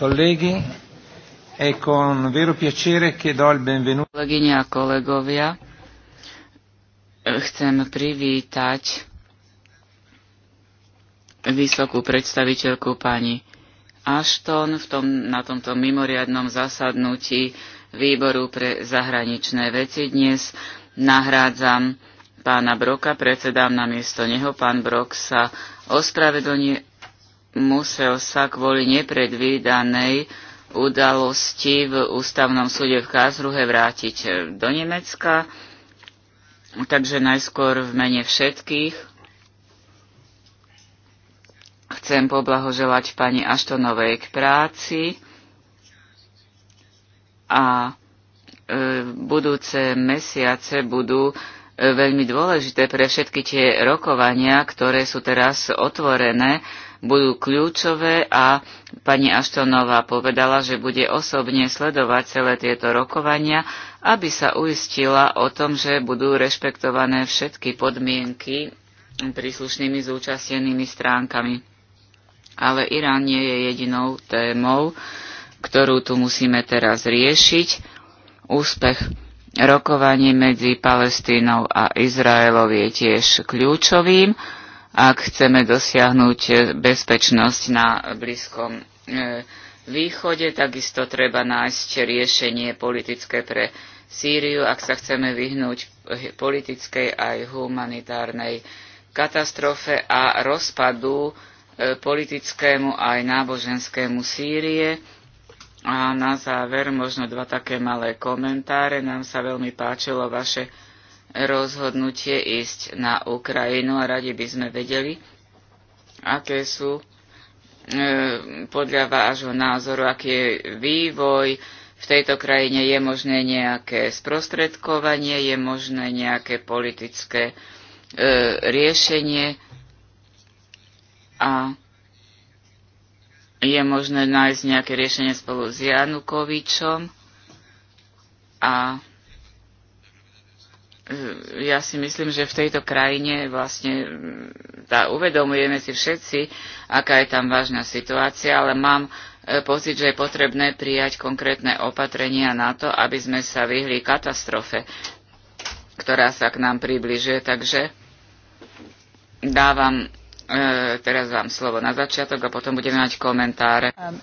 colleghi, è con vero piacere che do il benvenuto. Kolegyne a kolegovia, chcem privítať vysokú predstaviteľku pani Ashton v tom, na tomto mimoriadnom zasadnutí výboru pre zahraničné veci. Dnes nahrádzam pána Broka, predsedám na miesto neho. Pán Brok sa ospravedlňuje, musel sa kvôli nepredvídanej udalosti v ústavnom súde v Kázruhe vrátiť e, do Nemecka. Takže najskôr v mene všetkých chcem poblahoželať pani Aštonovej k práci a e, budúce mesiace budú e, veľmi dôležité pre všetky tie rokovania, ktoré sú teraz otvorené budú kľúčové a pani Aštonová povedala, že bude osobne sledovať celé tieto rokovania, aby sa uistila o tom, že budú rešpektované všetky podmienky príslušnými zúčastnenými stránkami. Ale Irán nie je jedinou témou, ktorú tu musíme teraz riešiť. Úspech rokovaní medzi Palestínou a Izraelov je tiež kľúčovým ak chceme dosiahnuť e, bezpečnosť na Blízkom e, východe, takisto treba nájsť riešenie politické pre Sýriu, ak sa chceme vyhnúť politickej aj humanitárnej katastrofe a rozpadu e, politickému aj náboženskému Sýrie. A na záver možno dva také malé komentáre. Nám sa veľmi páčilo vaše rozhodnutie ísť na Ukrajinu a radi by sme vedeli, aké sú e, podľa vášho názoru, aký je vývoj v tejto krajine, je možné nejaké sprostredkovanie, je možné nejaké politické e, riešenie a je možné nájsť nejaké riešenie spolu s Janukovičom a Hm, ja si myslím, že v tejto krajine vlastne hm, tá, uvedomujeme si všetci, aká je tam vážna situácia, ale mám e, pocit, že je potrebné prijať konkrétne opatrenia na to, aby sme sa vyhli katastrofe, ktorá sa k nám približuje. Takže dávam e, teraz vám slovo na začiatok a potom budeme mať komentáre. Um,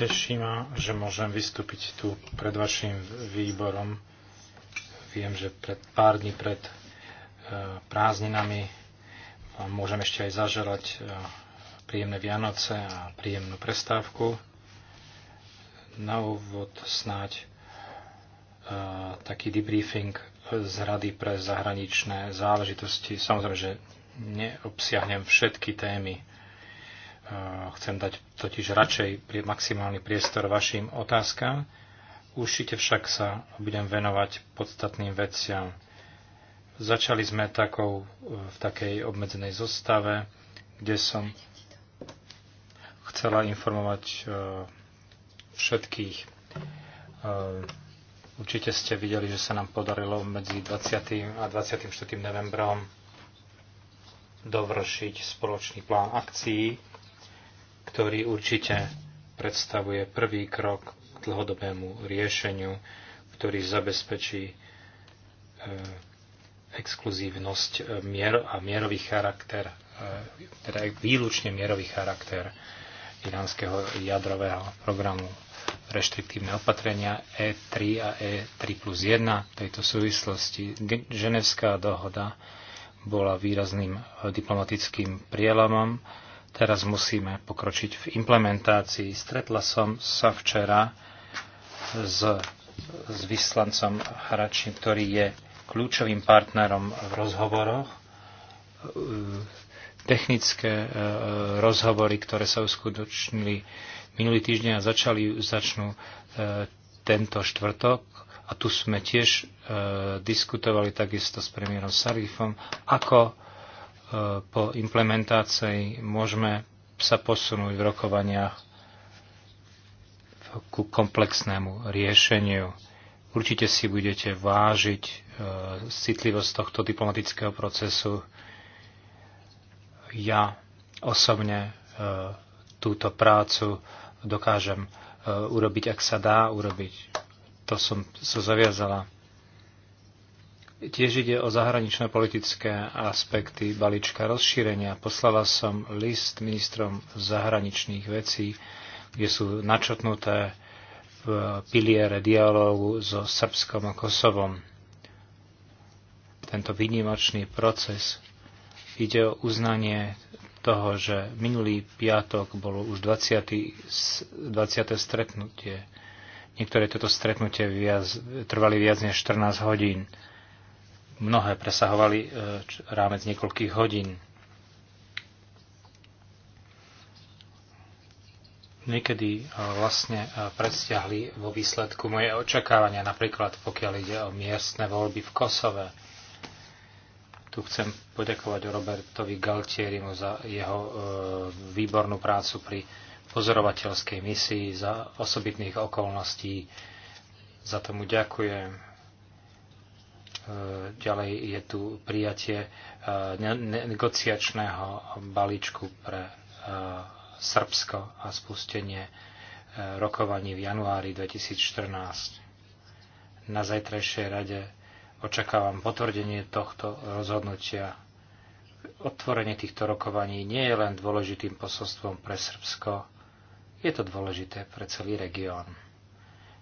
Teší ma, že môžem vystúpiť tu pred vašim výborom. Viem, že pred pár dní pred e, prázdninami vám môžem ešte aj zaželať e, príjemné Vianoce a príjemnú prestávku. Na úvod snáď e, taký debriefing z Rady pre zahraničné záležitosti. Samozrejme, že neobsiahnem všetky témy Chcem dať totiž radšej maximálny priestor vašim otázkam. Určite však sa budem venovať podstatným veciam. Začali sme takou, v takej obmedzenej zostave, kde som chcela informovať e, všetkých. E, určite ste videli, že sa nám podarilo medzi 20. a 24. novembrom dovršiť spoločný plán akcií ktorý určite predstavuje prvý krok k dlhodobému riešeniu, ktorý zabezpečí e, exkluzívnosť e, mier a mierový charakter, e, teda výlučne mierový charakter iránskeho jadrového programu reštriktívne opatrenia E3 a E3 plus 1 v tejto súvislosti. Ženevská dohoda bola výrazným diplomatickým prielamom Teraz musíme pokročiť v implementácii. Stretla som sa včera s, s vyslancom Haračím, ktorý je kľúčovým partnerom v rozhovoroch. E, technické e, rozhovory, ktoré sa uskutočnili minulý týždeň a začali, začnú e, tento štvrtok. A tu sme tiež diskutovali takisto s premiérom Sarifom, ako po implementácii môžeme sa posunúť v rokovaniach ku komplexnému riešeniu. Určite si budete vážiť e, citlivosť tohto diplomatického procesu. Ja osobne e, túto prácu dokážem e, urobiť, ak sa dá urobiť. To som sa zaviazala Tiež ide o zahraničné politické aspekty balíčka rozšírenia. Poslala som list ministrom zahraničných vecí, kde sú načotnuté v piliere dialógu so Srbskom a Kosovom. Tento výnimočný proces ide o uznanie toho, že minulý piatok bolo už 20. 20. stretnutie. Niektoré toto stretnutie viac, trvali viac než 14 hodín Mnohé presahovali e, rámec niekoľkých hodín. niekedy e, vlastne e, predstiahli vo výsledku moje očakávania, napríklad pokiaľ ide o miestne voľby v Kosove. Tu chcem poďakovať Robertovi Galtierimu za jeho e, výbornú prácu pri pozorovateľskej misii, za osobitných okolností. Za tomu ďakujem. E, ďalej je tu prijatie e, negociačného balíčku pre e, Srbsko a spustenie rokovaní v januári 2014. Na zajtrajšej rade očakávam potvrdenie tohto rozhodnutia. Otvorenie týchto rokovaní nie je len dôležitým posolstvom pre Srbsko, je to dôležité pre celý región.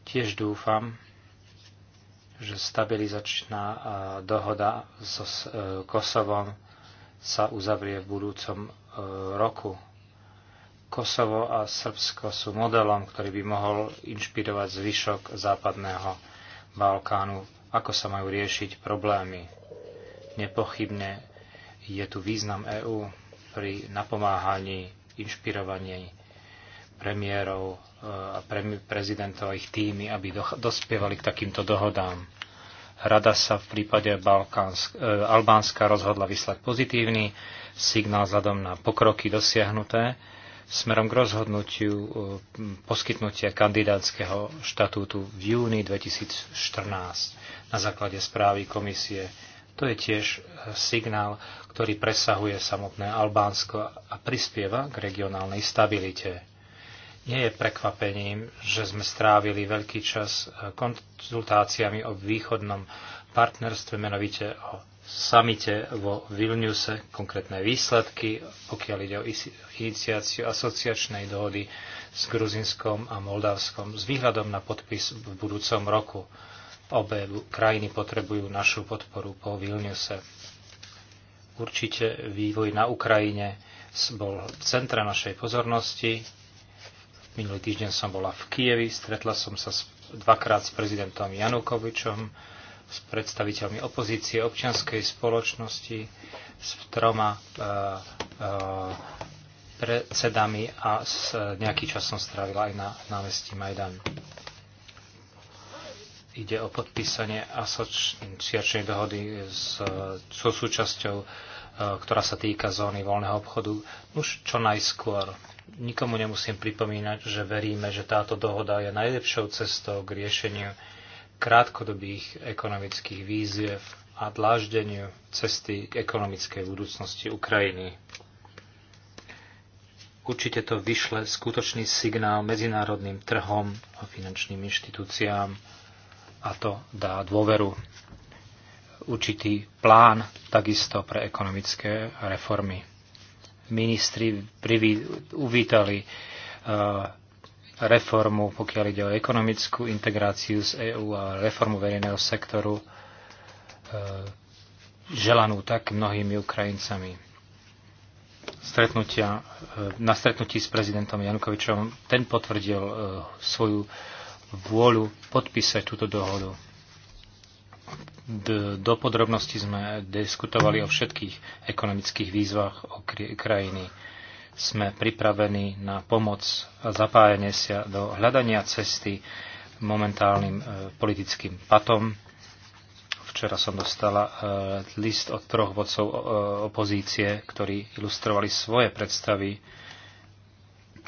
Tiež dúfam, že stabilizačná e, dohoda so e, Kosovom sa uzavrie v budúcom e, roku. Kosovo a Srbsko sú modelom, ktorý by mohol inšpirovať zvyšok západného Balkánu, ako sa majú riešiť problémy. Nepochybne je tu význam EÚ pri napomáhaní, inšpirovaní premiérov eh, a prezidentov a ich týmy, aby dospievali k takýmto dohodám. Rada sa v prípade Balkánsk, eh, Albánska rozhodla vyslať pozitívny signál vzhľadom na pokroky dosiahnuté smerom k rozhodnutiu eh, poskytnutia kandidátskeho štatútu v júni 2014 na základe správy komisie. To je tiež signál, ktorý presahuje samotné Albánsko a prispieva k regionálnej stabilite nie je prekvapením, že sme strávili veľký čas e, konzultáciami o východnom partnerstve, menovite o samite vo Vilniuse, konkrétne výsledky, pokiaľ ide o iniciáciu asociačnej dohody s Gruzinskom a Moldavskom s výhľadom na podpis v budúcom roku. Obe krajiny potrebujú našu podporu po Vilniuse. Určite vývoj na Ukrajine bol v centre našej pozornosti Minulý týždeň som bola v Kievi, stretla som sa dvakrát s prezidentom Janukovičom, s predstaviteľmi opozície, občianskej spoločnosti, s troma e, e, predsedami a s, e, nejaký čas som strávila aj na námestí Majdan. Ide o podpísanie asociačnej dohody s, so súčasťou, e, ktorá sa týka zóny voľného obchodu už čo najskôr Nikomu nemusím pripomínať, že veríme, že táto dohoda je najlepšou cestou k riešeniu krátkodobých ekonomických víziev a dláždeniu cesty k ekonomickej budúcnosti Ukrajiny. Určite to vyšle skutočný signál medzinárodným trhom a finančným inštitúciám a to dá dôveru určitý plán takisto pre ekonomické reformy ministri uvítali uh, reformu, pokiaľ ide o ekonomickú integráciu z EÚ a reformu verejného sektoru, uh, želanú tak mnohými Ukrajincami. Stretnutia, uh, na stretnutí s prezidentom Janukovičom ten potvrdil svoju vôľu podpísať túto dohodu do podrobnosti sme diskutovali o všetkých ekonomických výzvach o krajiny. Sme pripravení na pomoc a zapájanie sa do hľadania cesty momentálnym e, politickým patom. Včera som dostala e, list od troch vodcov opozície, ktorí ilustrovali svoje predstavy.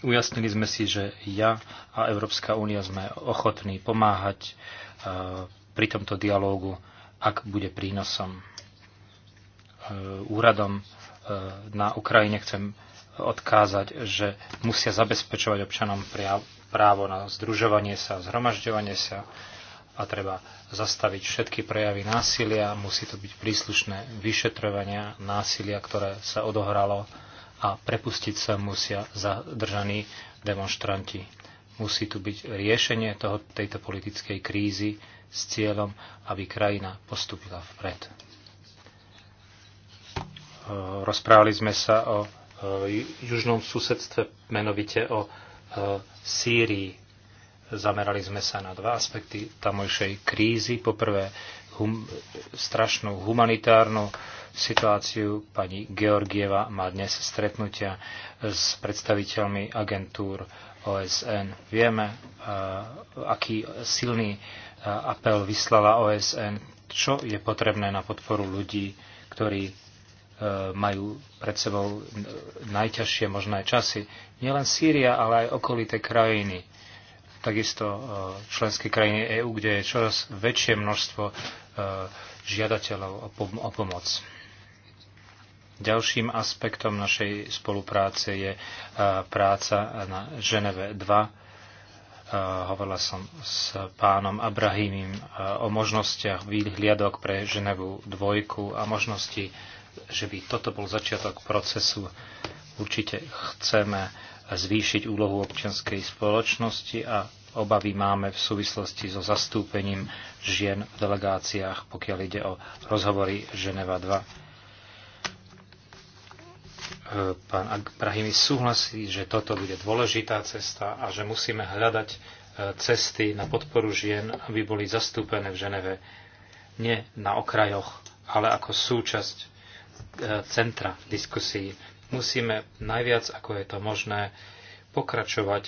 Ujasnili sme si, že ja a Európska únia sme ochotní pomáhať e, pri tomto dialógu, ak bude prínosom. E, úradom e, na Ukrajine chcem odkázať, že musia zabezpečovať občanom právo na združovanie sa, zhromažďovanie sa a treba zastaviť všetky prejavy násilia. Musí to byť príslušné vyšetrovania násilia, ktoré sa odohralo a prepustiť sa musia zadržaní demonstranti. Musí tu byť riešenie toho, tejto politickej krízy, s cieľom, aby krajina postupila vpred. E, rozprávali sme sa o e, južnom susedstve, menovite o e, Sýrii. Zamerali sme sa na dva aspekty tamojšej krízy. Poprvé, hum, strašnú humanitárnu situáciu. Pani Georgieva má dnes stretnutia s predstaviteľmi agentúr OSN. Vieme, aký silný apel vyslala OSN, čo je potrebné na podporu ľudí, ktorí e, majú pred sebou najťažšie možné časy. Nielen Sýria, ale aj okolité krajiny. Takisto e, členské krajiny EÚ, kde je čoraz väčšie množstvo e, žiadateľov o pomoc. Ďalším aspektom našej spolupráce je práca na Ženeve 2 hovorila som s pánom Abrahimim e, o možnostiach výhliadok pre Ženevu dvojku a možnosti, že by toto bol začiatok procesu. Určite chceme zvýšiť úlohu občianskej spoločnosti a obavy máme v súvislosti so zastúpením žien v delegáciách, pokiaľ ide o rozhovory Ženeva 2 pán Brahimi súhlasí, že toto bude dôležitá cesta a že musíme hľadať e, cesty na podporu žien, aby boli zastúpené v Ženeve. Nie na okrajoch, ale ako súčasť e, centra diskusí. Musíme najviac, ako je to možné, pokračovať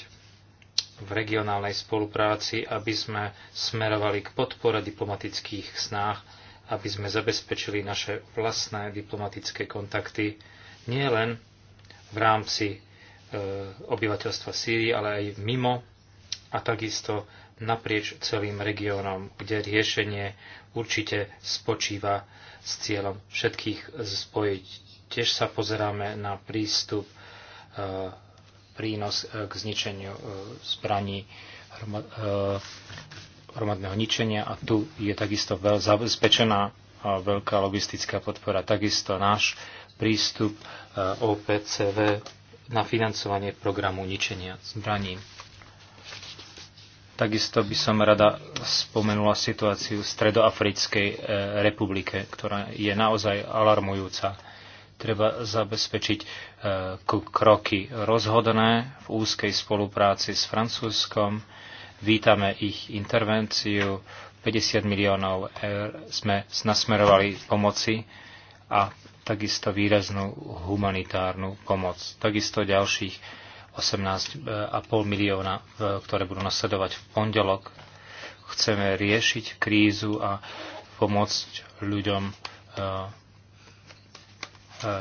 v regionálnej spolupráci, aby sme smerovali k podpore diplomatických snách, aby sme zabezpečili naše vlastné diplomatické kontakty nie len v rámci e, obyvateľstva Sýrie, ale aj mimo a takisto naprieč celým regiónom, kde riešenie určite spočíva s cieľom všetkých spojiť. Tiež sa pozeráme na prístup, e, prínos e, k zničeniu zbraní hromadného ničenia a tu je takisto zabezpečená veľká logistická podpora. Takisto náš prístup eh, OPCV na financovanie programu ničenia zbraní. Takisto by som rada spomenula situáciu v Stredoafrickej eh, republike, ktorá je naozaj alarmujúca. Treba zabezpečiť eh, kroky rozhodné v úzkej spolupráci s Francúzskom. Vítame ich intervenciu. 50 miliónov eur sme nasmerovali pomoci a takisto výraznú humanitárnu pomoc, takisto ďalších 18,5 milióna, e, ktoré budú nasledovať v pondelok. Chceme riešiť krízu a pomôcť ľuďom. E, e,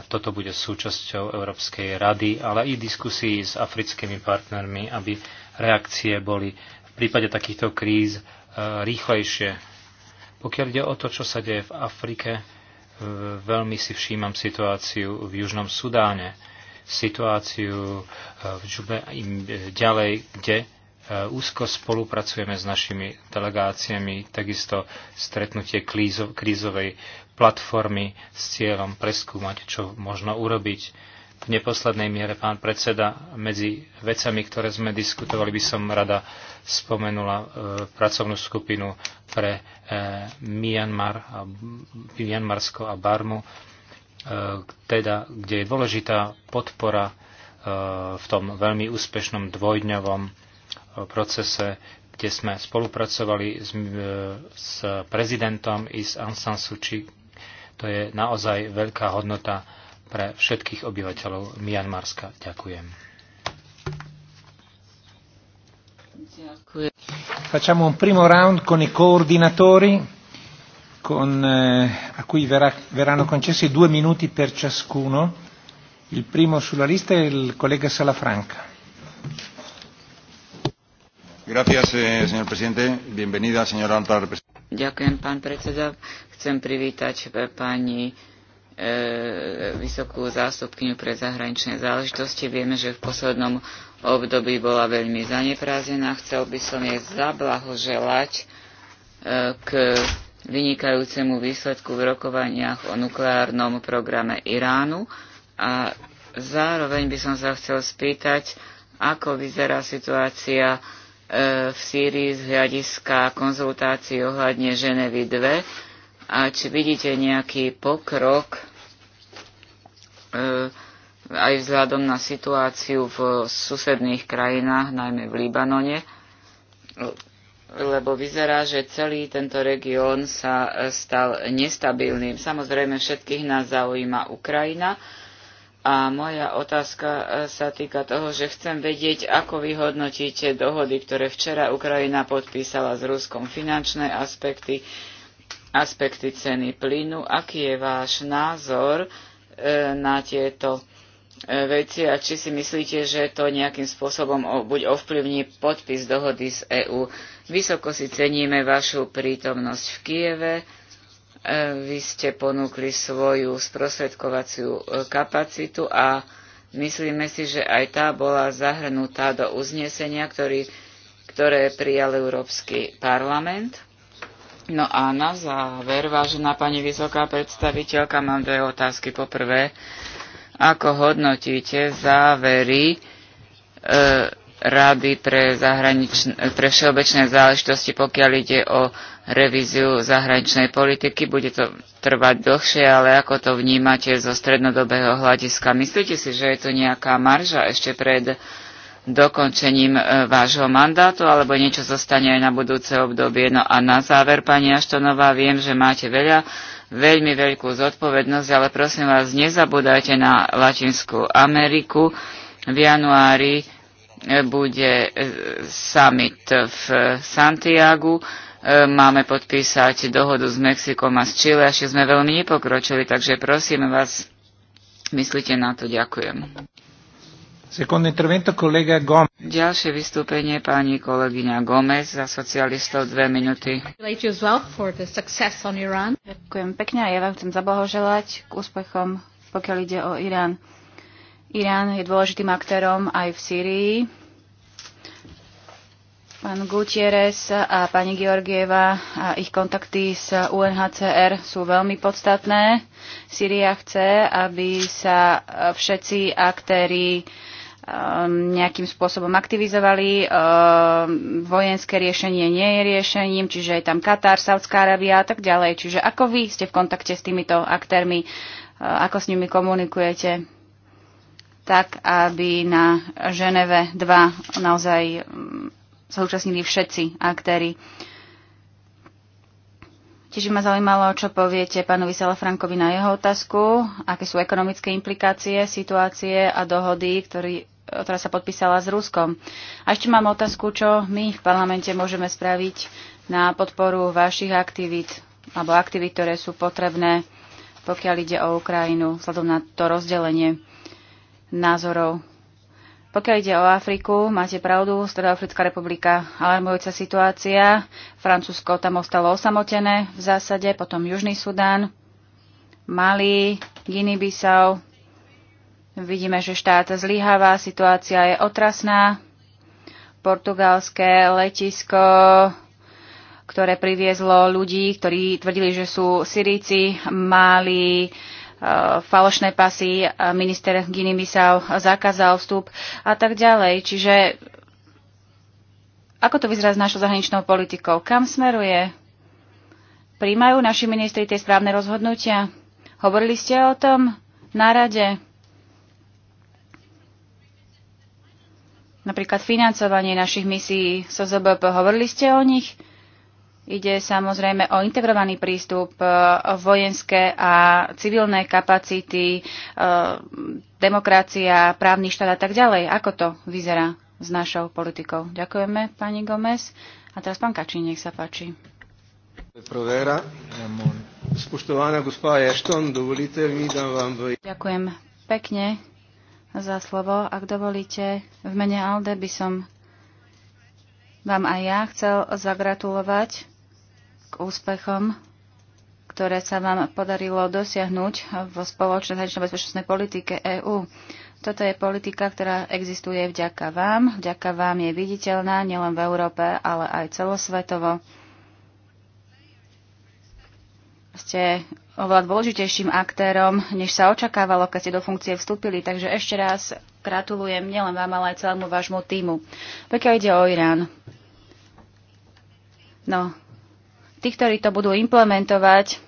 toto bude súčasťou Európskej rady, ale i diskusí s africkými partnermi, aby reakcie boli v prípade takýchto kríz rýchlejšie. Pokiaľ ide o to, čo sa deje v Afrike, Veľmi si všímam situáciu v Južnom Sudáne, situáciu e, v Džube e, ďalej, kde e, úzko spolupracujeme s našimi delegáciami, takisto stretnutie krízovej platformy s cieľom preskúmať, čo možno urobiť. V neposlednej miere, pán predseda, medzi vecami, ktoré sme diskutovali, by som rada spomenula pracovnú skupinu pre e, Myanmar a, Myanmarsko a Barmu, e, teda, kde je dôležitá podpora e, v tom veľmi úspešnom dvojdňovom procese, kde sme spolupracovali s, s prezidentom i s Aung San Suu Kyi. To je naozaj veľká hodnota pre všetkých obyvateľov Mianmarska. Ďakujem. Facciamo un primo round con i coordinatori con, eh, a cui verrà, verranno concessi due minuti per ciascuno. Il primo sulla lista è il collega Salafranca. Grazie, eh, señor presidente. Benvenuta, signora alta Rappresentante. Grazie, signor Presidente. Chcem privítať eh, pani E, vysokú zástupkyňu pre zahraničné záležitosti. Vieme, že v poslednom období bola veľmi zaneprázená. Chcel by som jej zablahoželať e, k vynikajúcemu výsledku v rokovaniach o nukleárnom programe Iránu a zároveň by som sa chcel spýtať, ako vyzerá situácia e, v Sýrii z hľadiska konzultácií ohľadne Ženevy 2 a či vidíte nejaký pokrok E, aj vzhľadom na situáciu v susedných krajinách, najmä v Libanone, lebo vyzerá, že celý tento región sa e, stal nestabilným. Samozrejme, všetkých nás zaujíma Ukrajina. A moja otázka e, sa týka toho, že chcem vedieť, ako vyhodnotíte dohody, ktoré včera Ukrajina podpísala s Ruskom, finančné aspekty, aspekty ceny plynu. Aký je váš názor na tieto e, veci a či si myslíte, že to nejakým spôsobom buď ovplyvní podpis dohody z EÚ. Vysoko si ceníme vašu prítomnosť v Kieve. E, vy ste ponúkli svoju sprostredkovaciu e, kapacitu a myslíme si, že aj tá bola zahrnutá do uznesenia, ktorý, ktoré prijal Európsky parlament No a na záver, vážená pani vysoká predstaviteľka, mám dve otázky. Poprvé, ako hodnotíte závery e, Rady pre, pre všeobecné záležitosti, pokiaľ ide o revíziu zahraničnej politiky? Bude to trvať dlhšie, ale ako to vnímate zo strednodobého hľadiska? Myslíte si, že je to nejaká marža ešte pred dokončením e, vášho mandátu, alebo niečo zostane aj na budúce obdobie. No a na záver, pani Aštonová, viem, že máte veľa, veľmi veľkú zodpovednosť, ale prosím vás, nezabúdajte na Latinskú Ameriku. V januári e, bude e, summit v Santiagu. Máme podpísať dohodu s Mexikom a s Chile, až sme veľmi nepokročili, takže prosím vás, myslíte na to. Ďakujem. Ďalšie vystúpenie pani kolegyňa Gomez za socialistov dve minuty. Ďakujem pekne a ja vám chcem zablahoželať k úspechom, pokiaľ ide o Irán. Irán je dôležitým aktérom aj v Sýrii. Pán Gutierrez a pani Georgieva a ich kontakty s UNHCR sú veľmi podstatné. Sýria chce, aby sa všetci aktéri Um, nejakým spôsobom aktivizovali. Um, vojenské riešenie nie je riešením, čiže je tam Katar, Saudská Arábia a tak ďalej. Čiže ako vy ste v kontakte s týmito aktérmi, uh, ako s nimi komunikujete, tak aby na Ženeve 2 naozaj um, sa účastnili všetci aktéry. Tiež ma zaujímalo, čo poviete pánovi Salafrankovi na jeho otázku, aké sú ekonomické implikácie situácie a dohody, ktorý ktorá sa podpísala s Ruskom. A ešte mám otázku, čo my v parlamente môžeme spraviť na podporu vašich aktivít alebo aktivít, ktoré sú potrebné, pokiaľ ide o Ukrajinu, vzhľadom na to rozdelenie názorov. Pokiaľ ide o Afriku, máte pravdu, Stredoafrická republika alarmujúca situácia, Francúzsko tam ostalo osamotené v zásade, potom Južný Sudán, Mali, Guinea-Bissau, Vidíme, že štát zlyháva, situácia je otrasná. Portugalské letisko, ktoré priviezlo ľudí, ktorí tvrdili, že sú Syríci, mali eh, falošné pasy, minister Gini Bissau zakázal vstup a tak ďalej. Čiže ako to vyzerá s našou zahraničnou politikou? Kam smeruje? Príjmajú naši ministri tie správne rozhodnutia? Hovorili ste o tom na rade? Napríklad financovanie našich misií SZBP, hovorili ste o nich? Ide samozrejme o integrovaný prístup, e, vojenské a civilné kapacity, e, demokracia, právny štát a tak ďalej. Ako to vyzerá s našou politikou? Ďakujeme, pani Gomez. A teraz pán Kačín, nech sa páči. Spoštovaná gospa Ešton, mi, dám vám... Ďakujem pekne, za slovo. Ak dovolíte, v mene Alde by som vám aj ja chcel zagratulovať k úspechom, ktoré sa vám podarilo dosiahnuť vo spoločnej zahraničnej bezpečnostnej politike EÚ. Toto je politika, ktorá existuje vďaka vám. Vďaka vám je viditeľná nielen v Európe, ale aj celosvetovo. Ste oveľa dôležitejším aktérom, než sa očakávalo, keď ste do funkcie vstúpili. Takže ešte raz gratulujem nielen vám, ale aj celému vášmu týmu. Pokiaľ ide o Irán, no, tí, ktorí to budú implementovať,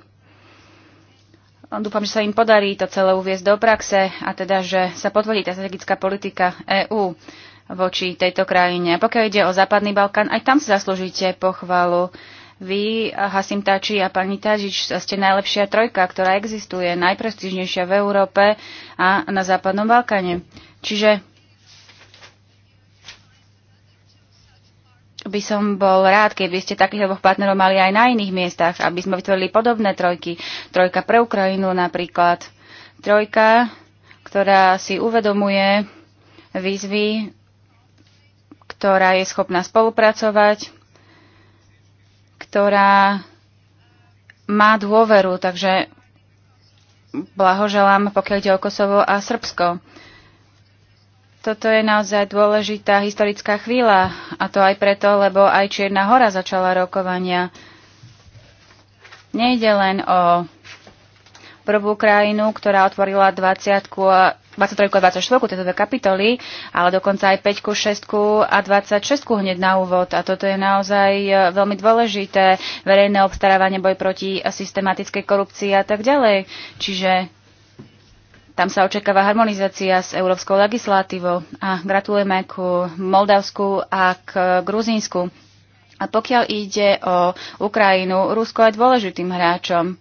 dúfam, že sa im podarí to celé uviezť do praxe a teda, že sa potvrdí tá strategická politika EÚ voči tejto krajine. A pokiaľ ide o Západný Balkán, aj tam si zaslúžite pochvalu. Vy, Hasim Tači a pani Tažič, ste najlepšia trojka, ktorá existuje, najprestížnejšia v Európe a na Západnom Balkáne. Čiže by som bol rád, keby ste takých oboch partnerov mali aj na iných miestach, aby sme vytvorili podobné trojky. Trojka pre Ukrajinu napríklad. Trojka, ktorá si uvedomuje výzvy, ktorá je schopná spolupracovať, ktorá má dôveru, takže blahoželám, pokiaľ ide o Kosovo a Srbsko. Toto je naozaj dôležitá historická chvíľa, a to aj preto, lebo aj Čierna hora začala rokovania. Nejde len o prvú krajinu, ktorá otvorila 20 a 23 a 24, tieto dve kapitoly, ale dokonca aj 5, 6 a 26 hneď na úvod. A toto je naozaj e, veľmi dôležité. Verejné obstarávanie, boj proti systematickej korupcii a tak ďalej. Čiže tam sa očakáva harmonizácia s európskou legislatívou a gratulujeme ku Moldavsku a k Gruzínsku. A pokiaľ ide o Ukrajinu, Rusko je dôležitým hráčom.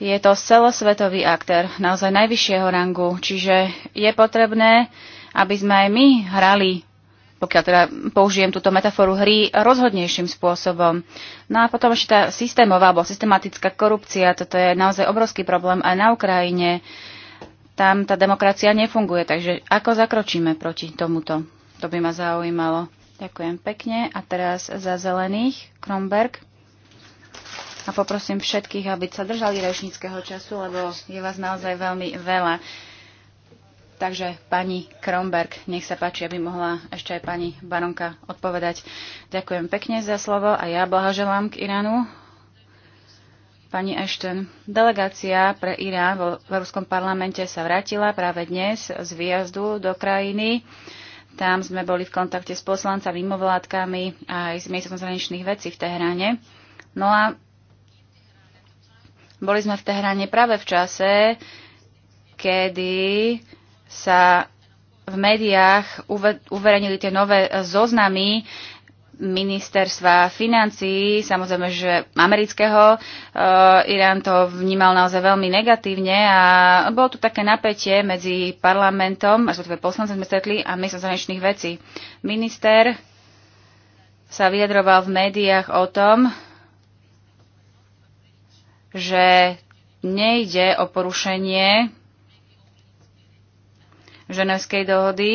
Je to celosvetový aktér, naozaj najvyššieho rangu, čiže je potrebné, aby sme aj my hrali, pokiaľ teda použijem túto metaforu hry, rozhodnejším spôsobom. No a potom ešte tá systémová alebo systematická korupcia, toto je naozaj obrovský problém aj na Ukrajine. Tam tá demokracia nefunguje, takže ako zakročíme proti tomuto? To by ma zaujímalo. Ďakujem pekne. A teraz za zelených, Kromberg a poprosím všetkých, aby sa držali rečníckého času, lebo je vás naozaj veľmi veľa. Takže pani Kromberg, nech sa páči, aby mohla ešte aj pani Baronka odpovedať. Ďakujem pekne za slovo a ja blahoželám k Iránu. Pani Ashton, delegácia pre Irán vo Európskom parlamente sa vrátila práve dnes z výjazdu do krajiny. Tam sme boli v kontakte s poslancami, mimovládkami a aj s miestom zahraničných vecí v Teheráne. No a boli sme v Tehrane práve v čase, kedy sa v médiách uverejnili tie nové e, zoznamy ministerstva financií, samozrejme, že amerického. Uh, Irán to vnímal naozaj veľmi negatívne a bolo tu také napätie medzi parlamentom, až to poslance sme stretli a my som zahraničných vecí. Minister sa vyjadroval v médiách o tom, že nejde o porušenie ženevskej dohody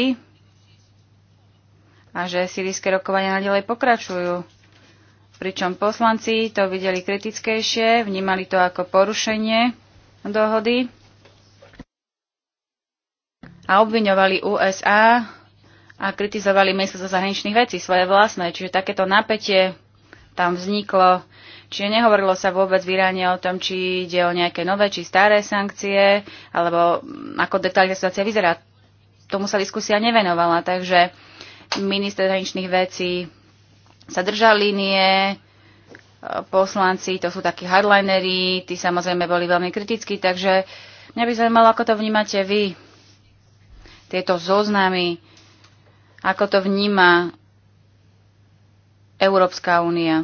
a že sírijské rokovania nadalej pokračujú. Pričom poslanci to videli kritickejšie, vnímali to ako porušenie dohody a obviňovali USA a kritizovali ministerstvo zahraničných vecí, svoje vlastné. Čiže takéto napätie tam vzniklo Čiže nehovorilo sa vôbec v Iráne o tom, či ide o nejaké nové či staré sankcie, alebo ako detailne situácia vyzerá. Tomu sa diskusia nevenovala, takže minister zahraničných vecí sa držal línie, poslanci, to sú takí hardlinery, tí samozrejme boli veľmi kritickí, takže mňa by zaujímalo, ako to vnímate vy, tieto zoznamy, ako to vníma Európska únia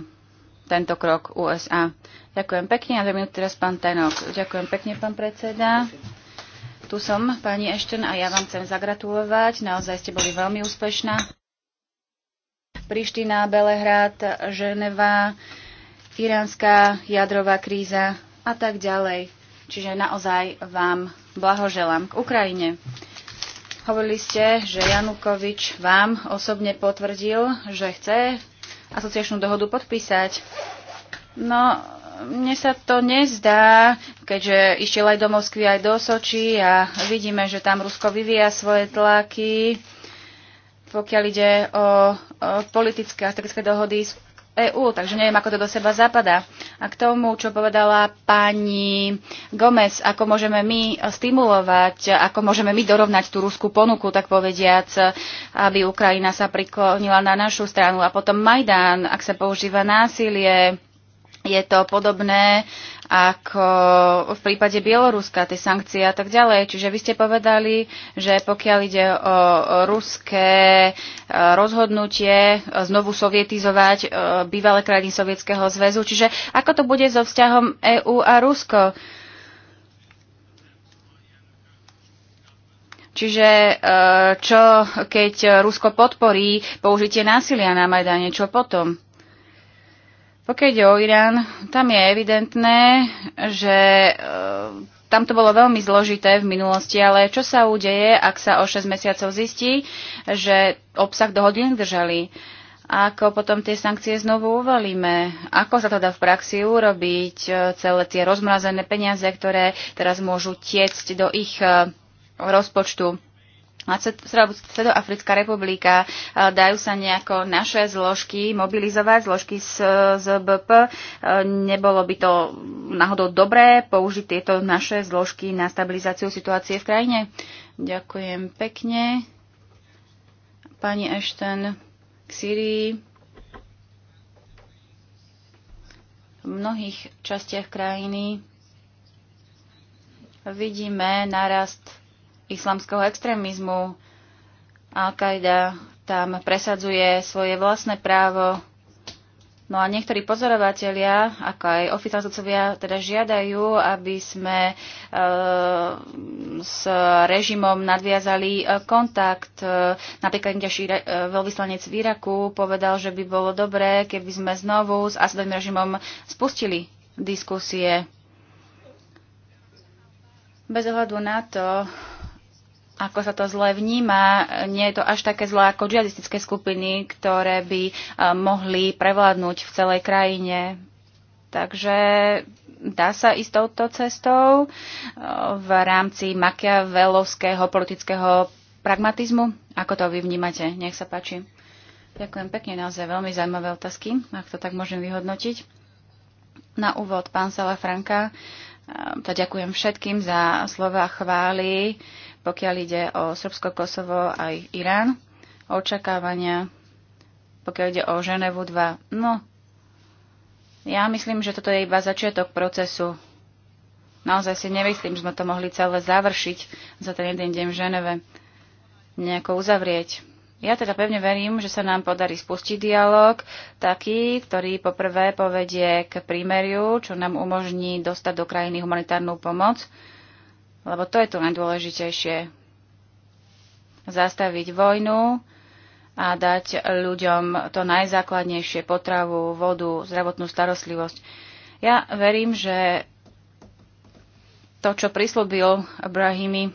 tento krok USA. Ďakujem pekne. A dve minúty teraz pán Tenok. Ďakujem pekne, pán predseda. Tu som, pani Ešten, a ja vám chcem zagratulovať. Naozaj ste boli veľmi úspešná. Priština, Belehrad, Ženeva, iránska jadrová kríza a tak ďalej. Čiže naozaj vám blahoželám k Ukrajine. Hovorili ste, že Janukovič vám osobne potvrdil, že chce asociačnú dohodu podpísať. No, mne sa to nezdá, keďže išiel aj do Moskvy, aj do Soči a vidíme, že tam Rusko vyvíja svoje tlaky. Pokiaľ ide o, o politické a strategické dohody s EÚ, takže neviem, ako to do seba zapadá. A k tomu, čo povedala pani Gomez, ako môžeme my stimulovať, ako môžeme my dorovnať tú ruskú ponuku, tak povediac, aby Ukrajina sa priklonila na našu stranu. A potom Majdán, ak sa používa násilie, je to podobné ako v prípade Bieloruska, tie sankcie a tak ďalej. Čiže vy ste povedali, že pokiaľ ide o ruské e, rozhodnutie e, znovu sovietizovať e, bývalé krajiny Sovietskeho zväzu, čiže ako to bude so vzťahom EÚ a Rusko? Čiže čo, keď Rusko podporí použitie násilia na Majdane, čo potom? Pokiaľ ide o Irán, tam je evidentné, že e, tam to bolo veľmi zložité v minulosti, ale čo sa udeje, ak sa o 6 mesiacov zistí, že obsah dohody nedržali? Ako potom tie sankcie znovu uvalíme? Ako sa to dá v praxi urobiť? E, celé tie rozmrazené peniaze, ktoré teraz môžu tiecť do ich e, rozpočtu. Stredoafrická republika, dajú sa nejako naše zložky mobilizovať, zložky z, z BP. Nebolo by to náhodou dobré použiť tieto naše zložky na stabilizáciu situácie v krajine? Ďakujem pekne. Pani Ashton k Syrii. V mnohých častiach krajiny vidíme narast islamského extrémizmu. Al-Qaida tam presadzuje svoje vlastné právo. No a niektorí pozorovatelia, ako aj oficiálcovia, teda žiadajú, aby sme e, s režimom nadviazali e, kontakt. E, napríklad ďalší e, veľvyslanec v Iraku povedal, že by bolo dobré, keby sme znovu s Asadovým režimom spustili diskusie. Bez ohľadu na to, ako sa to zle vníma, nie je to až také zlé ako džihadistické skupiny, ktoré by e, mohli prevládnuť v celej krajine. Takže dá sa ísť touto cestou e, v rámci makiavelovského politického pragmatizmu? Ako to vy vnímate? Nech sa páči. Ďakujem pekne, naozaj veľmi zaujímavé otázky, ak to tak môžem vyhodnotiť. Na úvod pán Sala Franka, e, ďakujem všetkým za slova chvály pokiaľ ide o Srbsko, Kosovo a Irán, očakávania, pokiaľ ide o Ženevu 2. No, ja myslím, že toto je iba začiatok procesu. Naozaj si nemyslím, že sme to mohli celé završiť za ten jeden deň v Ženeve, nejako uzavrieť. Ja teda pevne verím, že sa nám podarí spustiť dialog, taký, ktorý poprvé povedie k prímeriu, čo nám umožní dostať do krajiny humanitárnu pomoc, lebo to je to najdôležitejšie. Zastaviť vojnu a dať ľuďom to najzákladnejšie, potravu, vodu, zdravotnú starostlivosť. Ja verím, že to, čo prislúbil Brahimi,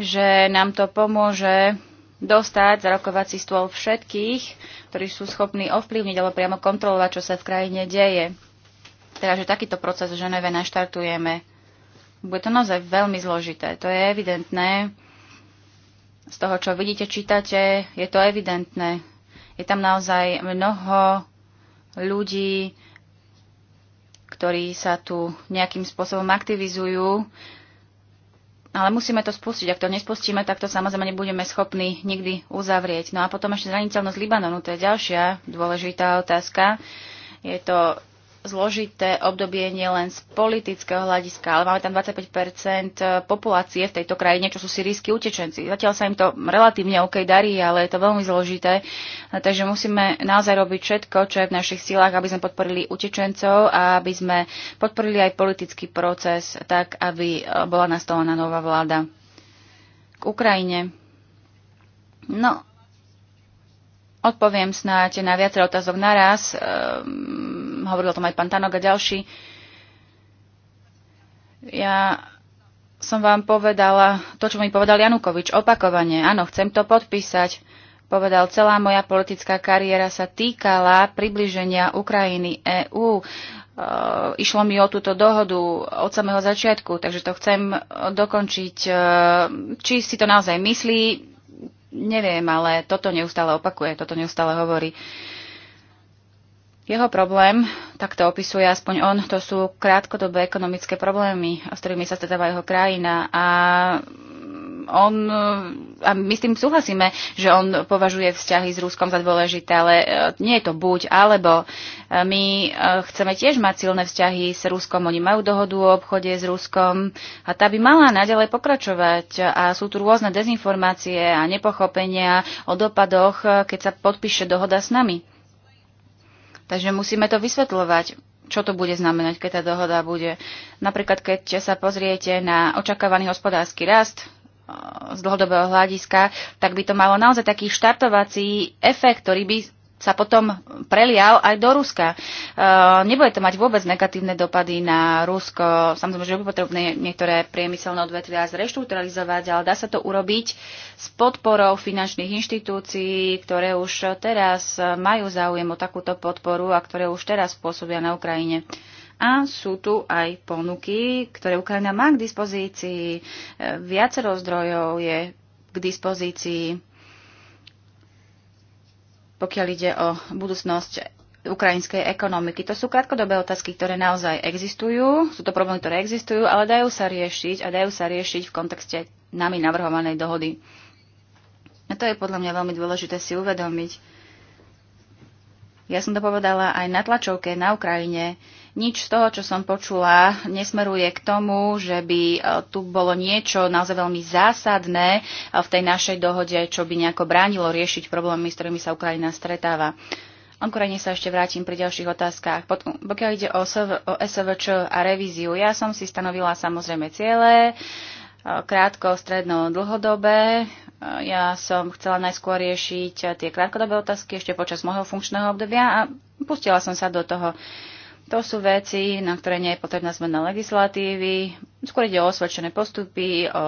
že nám to pomôže dostať za rokovací stôl všetkých, ktorí sú schopní ovplyvniť alebo priamo kontrolovať, čo sa v krajine deje. Teda, že takýto proces v Ženeve naštartujeme. Bude to naozaj veľmi zložité, to je evidentné. Z toho, čo vidíte, čítate, je to evidentné. Je tam naozaj mnoho ľudí, ktorí sa tu nejakým spôsobom aktivizujú, ale musíme to spustiť. Ak to nespustíme, tak to samozrejme nebudeme schopní nikdy uzavrieť. No a potom ešte zraniteľnosť Libanonu, to je ďalšia dôležitá otázka. Je to zložité obdobie nielen z politického hľadiska, ale máme tam 25 e, populácie v tejto krajine, čo sú sírijskí utečenci. Zatiaľ sa im to relatívne OK darí, ale je to veľmi zložité. E, takže musíme naozaj robiť všetko, čo je v našich silách, aby sme podporili utečencov a aby sme podporili aj politický proces, tak aby e, bola nastolená nová vláda. K Ukrajine. No, Odpoviem snáď na viacero otázok naraz. Ehm, hovoril o tom aj pán Tanok a ďalší. Ja som vám povedala to, čo mi povedal Janukovič, opakovane. Áno, chcem to podpísať. Povedal, celá moja politická kariéra sa týkala približenia Ukrajiny EÚ. E, išlo mi o túto dohodu od samého začiatku, takže to chcem dokončiť. E, či si to naozaj myslí, neviem, ale toto neustále opakuje, toto neustále hovorí. E, jeho problém, tak to opisuje aspoň on, to sú krátkodobé ekonomické problémy, s ktorými sa stretáva jeho krajina a on, a my s tým súhlasíme, že on považuje vzťahy s Ruskom za dôležité, ale e, nie je to buď, alebo e, my e, chceme tiež mať silné vzťahy s Ruskom, oni majú dohodu o obchode s Ruskom a tá by mala naďalej pokračovať a sú tu rôzne dezinformácie a nepochopenia o dopadoch, keď sa podpíše dohoda s nami. Takže musíme to vysvetľovať, čo to bude znamenať, keď tá dohoda bude. Napríklad, keď sa pozriete na očakávaný hospodársky rast e, z dlhodobého hľadiska, tak by to malo naozaj taký štartovací efekt, ktorý by sa potom prelial aj do Ruska. E, nebude to mať vôbec negatívne dopady na Rusko. Samozrejme, že by potrebné niektoré priemyselné odvetvia zreštrukturalizovať, ale dá sa to urobiť s podporou finančných inštitúcií, ktoré už teraz majú záujem o takúto podporu a ktoré už teraz pôsobia na Ukrajine. A sú tu aj ponuky, ktoré Ukrajina má k dispozícii. E, viacero zdrojov je k dispozícii pokiaľ ide o budúcnosť ukrajinskej ekonomiky. To sú krátkodobé otázky, ktoré naozaj existujú, sú to problémy, ktoré existujú, ale dajú sa riešiť a dajú sa riešiť v kontexte nami navrhovanej dohody. A to je podľa mňa veľmi dôležité si uvedomiť. Ja som to povedala aj na tlačovke na Ukrajine. Nič z toho, čo som počula, nesmeruje k tomu, že by e, tu bolo niečo naozaj veľmi zásadné e, v tej našej dohode, čo by nejako bránilo riešiť problémy, s ktorými sa Ukrajina stretáva. Onkorene sa ešte vrátim pri ďalších otázkach. Pokiaľ ide o, SV, o SVČ a revíziu, ja som si stanovila samozrejme ciele, e, krátko, stredno, dlhodobé. Ja som chcela najskôr riešiť tie krátkodobé otázky ešte počas môjho funkčného obdobia a pustila som sa do toho. Uh, to sú veci, na ktoré nie je potrebná zmena legislatívy. Skôr ide o osvedčené postupy, o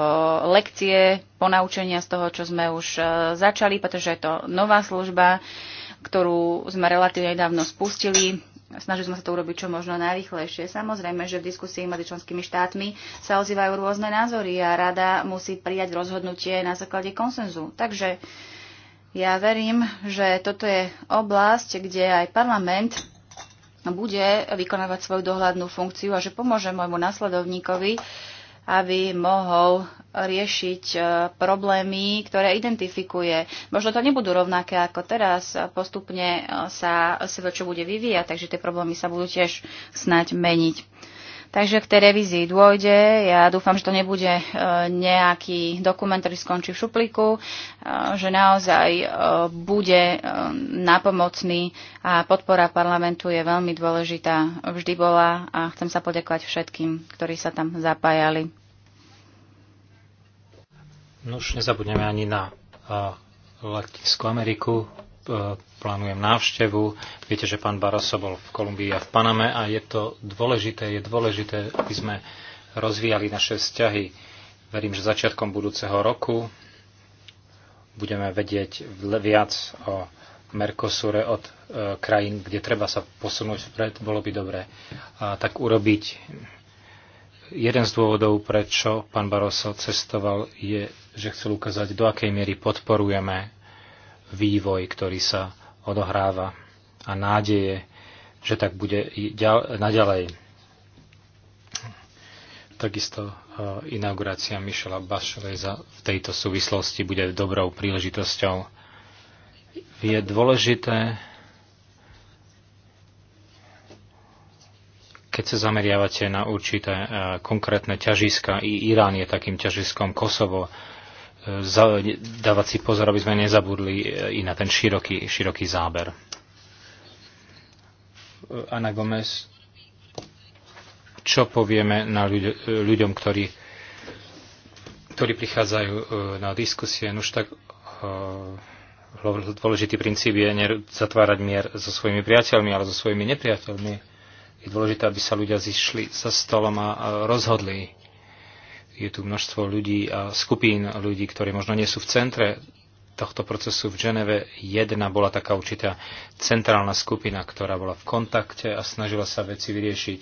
lekcie, ponaučenia z toho, čo sme už e, začali, pretože je to nová služba, ktorú sme relatívne dávno spustili. Snažili sme sa to urobiť čo možno najrychlejšie. Samozrejme, že v diskusii medzi členskými štátmi sa ozývajú rôzne názory a rada musí prijať rozhodnutie na základe konsenzu. Takže ja verím, že toto je oblasť, kde aj parlament bude vykonávať svoju dohľadnú funkciu a že pomôže môjmu následovníkovi, aby mohol riešiť e, problémy, ktoré identifikuje. Možno to nebudú rovnaké ako teraz, postupne e, sa SVČ bude vyvíjať, takže tie problémy sa budú tiež snať meniť. Takže k tej revízii dôjde. Ja dúfam, že to nebude e, nejaký dokument, ktorý skončí v šupliku, e, že naozaj e, bude napomocný a podpora parlamentu je veľmi dôležitá. Vždy bola a chcem sa poďakovať všetkým, ktorí sa tam zapájali. No už nezabudneme ani na Latinsku Ameriku, E, plánujem návštevu. Viete, že pán Barroso bol v Kolumbii a v Paname a je to dôležité, je dôležité, aby sme rozvíjali naše vzťahy. Verím, že začiatkom budúceho roku budeme vedieť viac o Mercosure od e, krajín, kde treba sa posunúť vpred, bolo by dobré a e, tak urobiť. Jeden z dôvodov, prečo pán Barroso cestoval, je, že chcel ukázať, do akej miery podporujeme vývoj, ktorý sa odohráva a nádeje, že tak bude ďal, naďalej. Takisto e, inaugurácia Michela Bacheleza v tejto súvislosti bude dobrou príležitosťou. Je dôležité, keď sa zameriavate na určité e, konkrétne ťažiska, i Irán je takým ťažiskom Kosovo, dávať si pozor, aby sme nezabudli e, i na ten široký, široký záber. Ana Gomez, čo povieme na ľuď, ľuďom, ktorí, ktorí prichádzajú e, na diskusie? Už tak e, dôležitý princíp je zatvárať mier so svojimi priateľmi, ale so svojimi nepriateľmi. Je dôležité, aby sa ľudia zišli za stolom a rozhodli je tu množstvo ľudí a skupín ľudí, ktorí možno nie sú v centre tohto procesu. V Ženeve Jedna bola taká určitá centrálna skupina, ktorá bola v kontakte a snažila sa veci vyriešiť.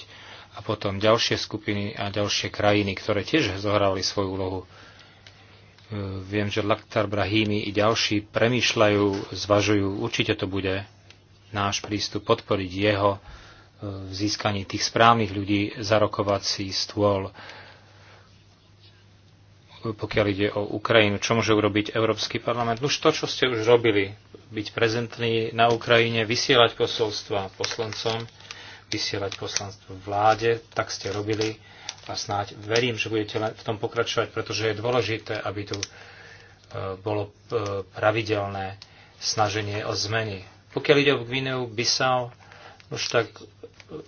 A potom ďalšie skupiny a ďalšie krajiny, ktoré tiež zohrávali svoju úlohu. E, viem, že Laktar Brahimi i ďalší premýšľajú, zvažujú, určite to bude náš prístup podporiť jeho e, v získaní tých správnych ľudí za rokovací stôl pokiaľ ide o Ukrajinu, čo môže urobiť Európsky parlament. Už to, čo ste už robili, byť prezentní na Ukrajine, vysielať posolstva poslancom, vysielať poslanstvo vláde, tak ste robili a snáď verím, že budete v tom pokračovať, pretože je dôležité, aby tu e, bolo e, pravidelné snaženie o zmeny. Pokiaľ ide o Gvineu, Bissau, už tak e,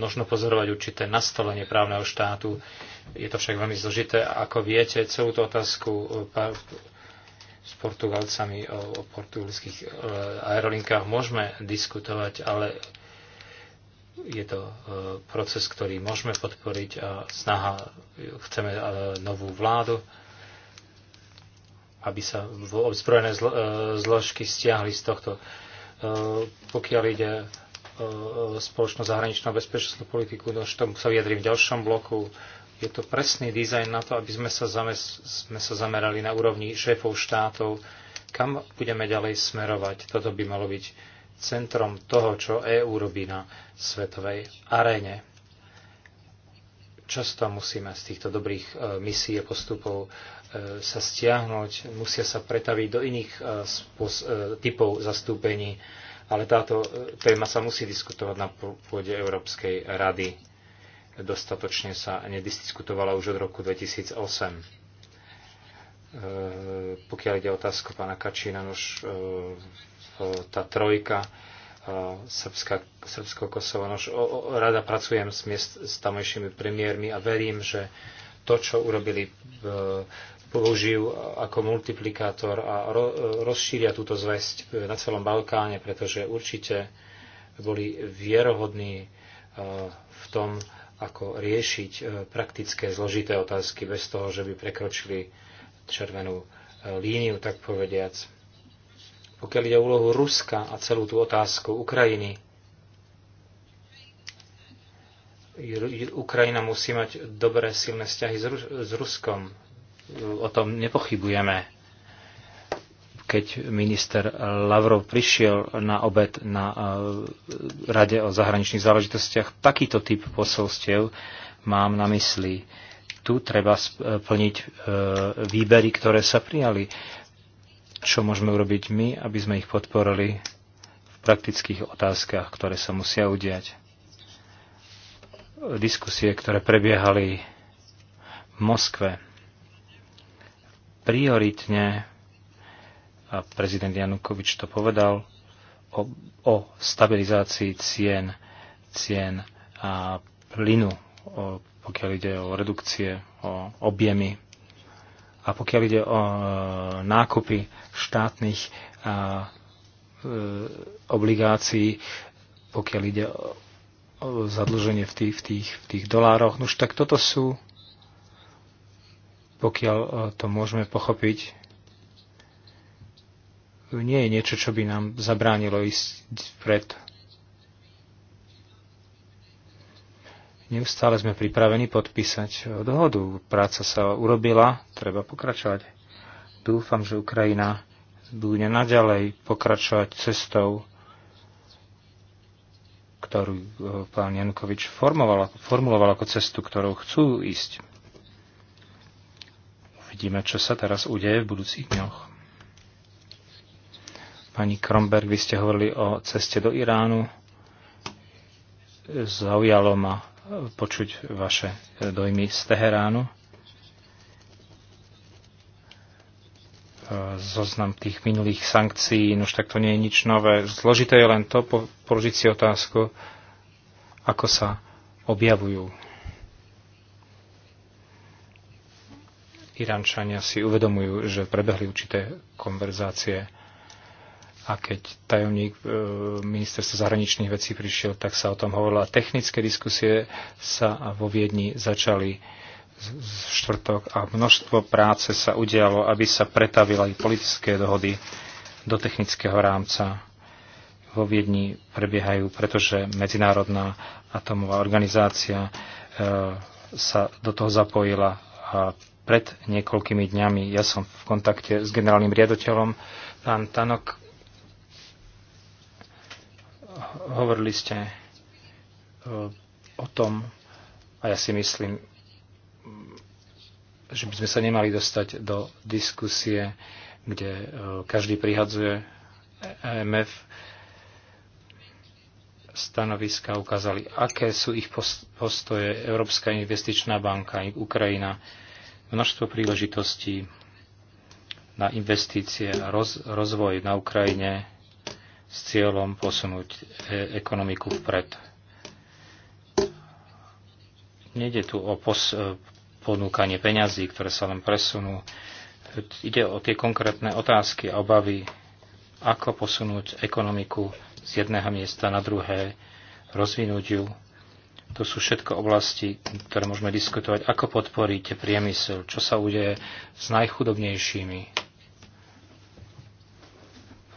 možno pozorovať určité nastolenie právneho štátu. Je to však veľmi zložité. Ako viete, celú tú otázku e, s Portugalcami o, o portugalských e, aerolinkách môžeme diskutovať, ale je to e, proces, ktorý môžeme podporiť a snaha, chceme novú vládu, aby sa ozbrojené zložky stiahli z tohto. Pokiaľ ide E, spoločnú zahraničnú a bezpečnostnú politiku, do tomu sa vyjadrím v ďalšom bloku. Je to presný dizajn na to, aby sme sa, zames, sme sa zamerali na úrovni šéfov štátov, kam budeme ďalej smerovať. Toto by malo byť centrom toho, čo EÚ robí na svetovej aréne. Často musíme z týchto dobrých e, misií a postupov e, sa stiahnuť, musia sa pretaviť do iných typov zastúpení ale táto e, téma sa musí diskutovať na pôde Európskej rady. Dostatočne sa nediskutovala už od roku 2008. E, pokiaľ ide o otázku pána Kačína, e, e, tá trojka Srbska, Srbsko-Kosovo, nož rada pracujem s, miest, s tamojšími premiérmi a verím, že to, čo urobili použijú ako multiplikátor a rozšíria túto zväzť na celom Balkáne, pretože určite boli vierohodní e, v tom, ako riešiť e, praktické zložité otázky bez toho, že by prekročili červenú e, líniu, tak povediac. Pokiaľ ide o úlohu Ruska a celú tú otázku Ukrajiny, Ukrajina musí mať dobré silné vzťahy s Ruskom o tom nepochybujeme. Keď minister Lavrov prišiel na obed na e, Rade o zahraničných záležitostiach, takýto typ posolstiev mám na mysli. Tu treba splniť e, e, výbery, ktoré sa prijali. Čo môžeme urobiť my, aby sme ich podporili v praktických otázkach, ktoré sa musia udiať. Diskusie, ktoré prebiehali v Moskve prioritne, a prezident Janukovič to povedal, o, o stabilizácii cien, cien a plynu, o, pokiaľ ide o redukcie, o objemy a pokiaľ ide o e, nákupy štátnych a, e, e, obligácií, pokiaľ ide o, o zadlženie v tých, v tých, v tých dolároch. No už tak toto sú pokiaľ e, to môžeme pochopiť, nie je niečo, čo by nám zabránilo ísť vpred. Neustále sme pripravení podpísať e, dohodu. Práca sa urobila, treba pokračovať. Dúfam, že Ukrajina bude naďalej pokračovať cestou, ktorú e, pán Jankovič formoval, formuloval ako cestu, ktorou chcú ísť. Vidíme, čo sa teraz udeje v budúcich dňoch. Pani Kromberg, vy ste hovorili o ceste do Iránu. Zaujalo ma počuť vaše dojmy z Teheránu. zoznam tých minulých sankcií, no už tak to nie je nič nové. Zložité je len to položiť si otázku, ako sa objavujú Irančania si uvedomujú, že prebehli určité konverzácie a keď tajomník e, ministerstva zahraničných vecí prišiel, tak sa o tom hovorilo. Technické diskusie sa vo Viedni začali z štvrtok a množstvo práce sa udialo, aby sa pretavila aj politické dohody do technického rámca. Vo Viedni prebiehajú, pretože Medzinárodná atomová organizácia e, sa do toho zapojila a pred niekoľkými dňami ja som v kontakte s generálnym riadoteľom. Pán Tanok, hovorili ste e, o tom, a ja si myslím, že by sme sa nemali dostať do diskusie, kde e, každý prihadzuje EMF stanoviska ukázali, aké sú ich postoje Európska investičná banka, Ukrajina, množstvo príležitostí na investície a roz, rozvoj na Ukrajine s cieľom posunúť e- ekonomiku vpred. Nede tu o pos- e, ponúkanie peňazí, ktoré sa len presunú. Ide o tie konkrétne otázky a obavy, ako posunúť ekonomiku z jedného miesta na druhé, rozvinúť ju to sú všetko oblasti, ktoré môžeme diskutovať. Ako podporíte priemysel? Čo sa udeje s najchudobnejšími?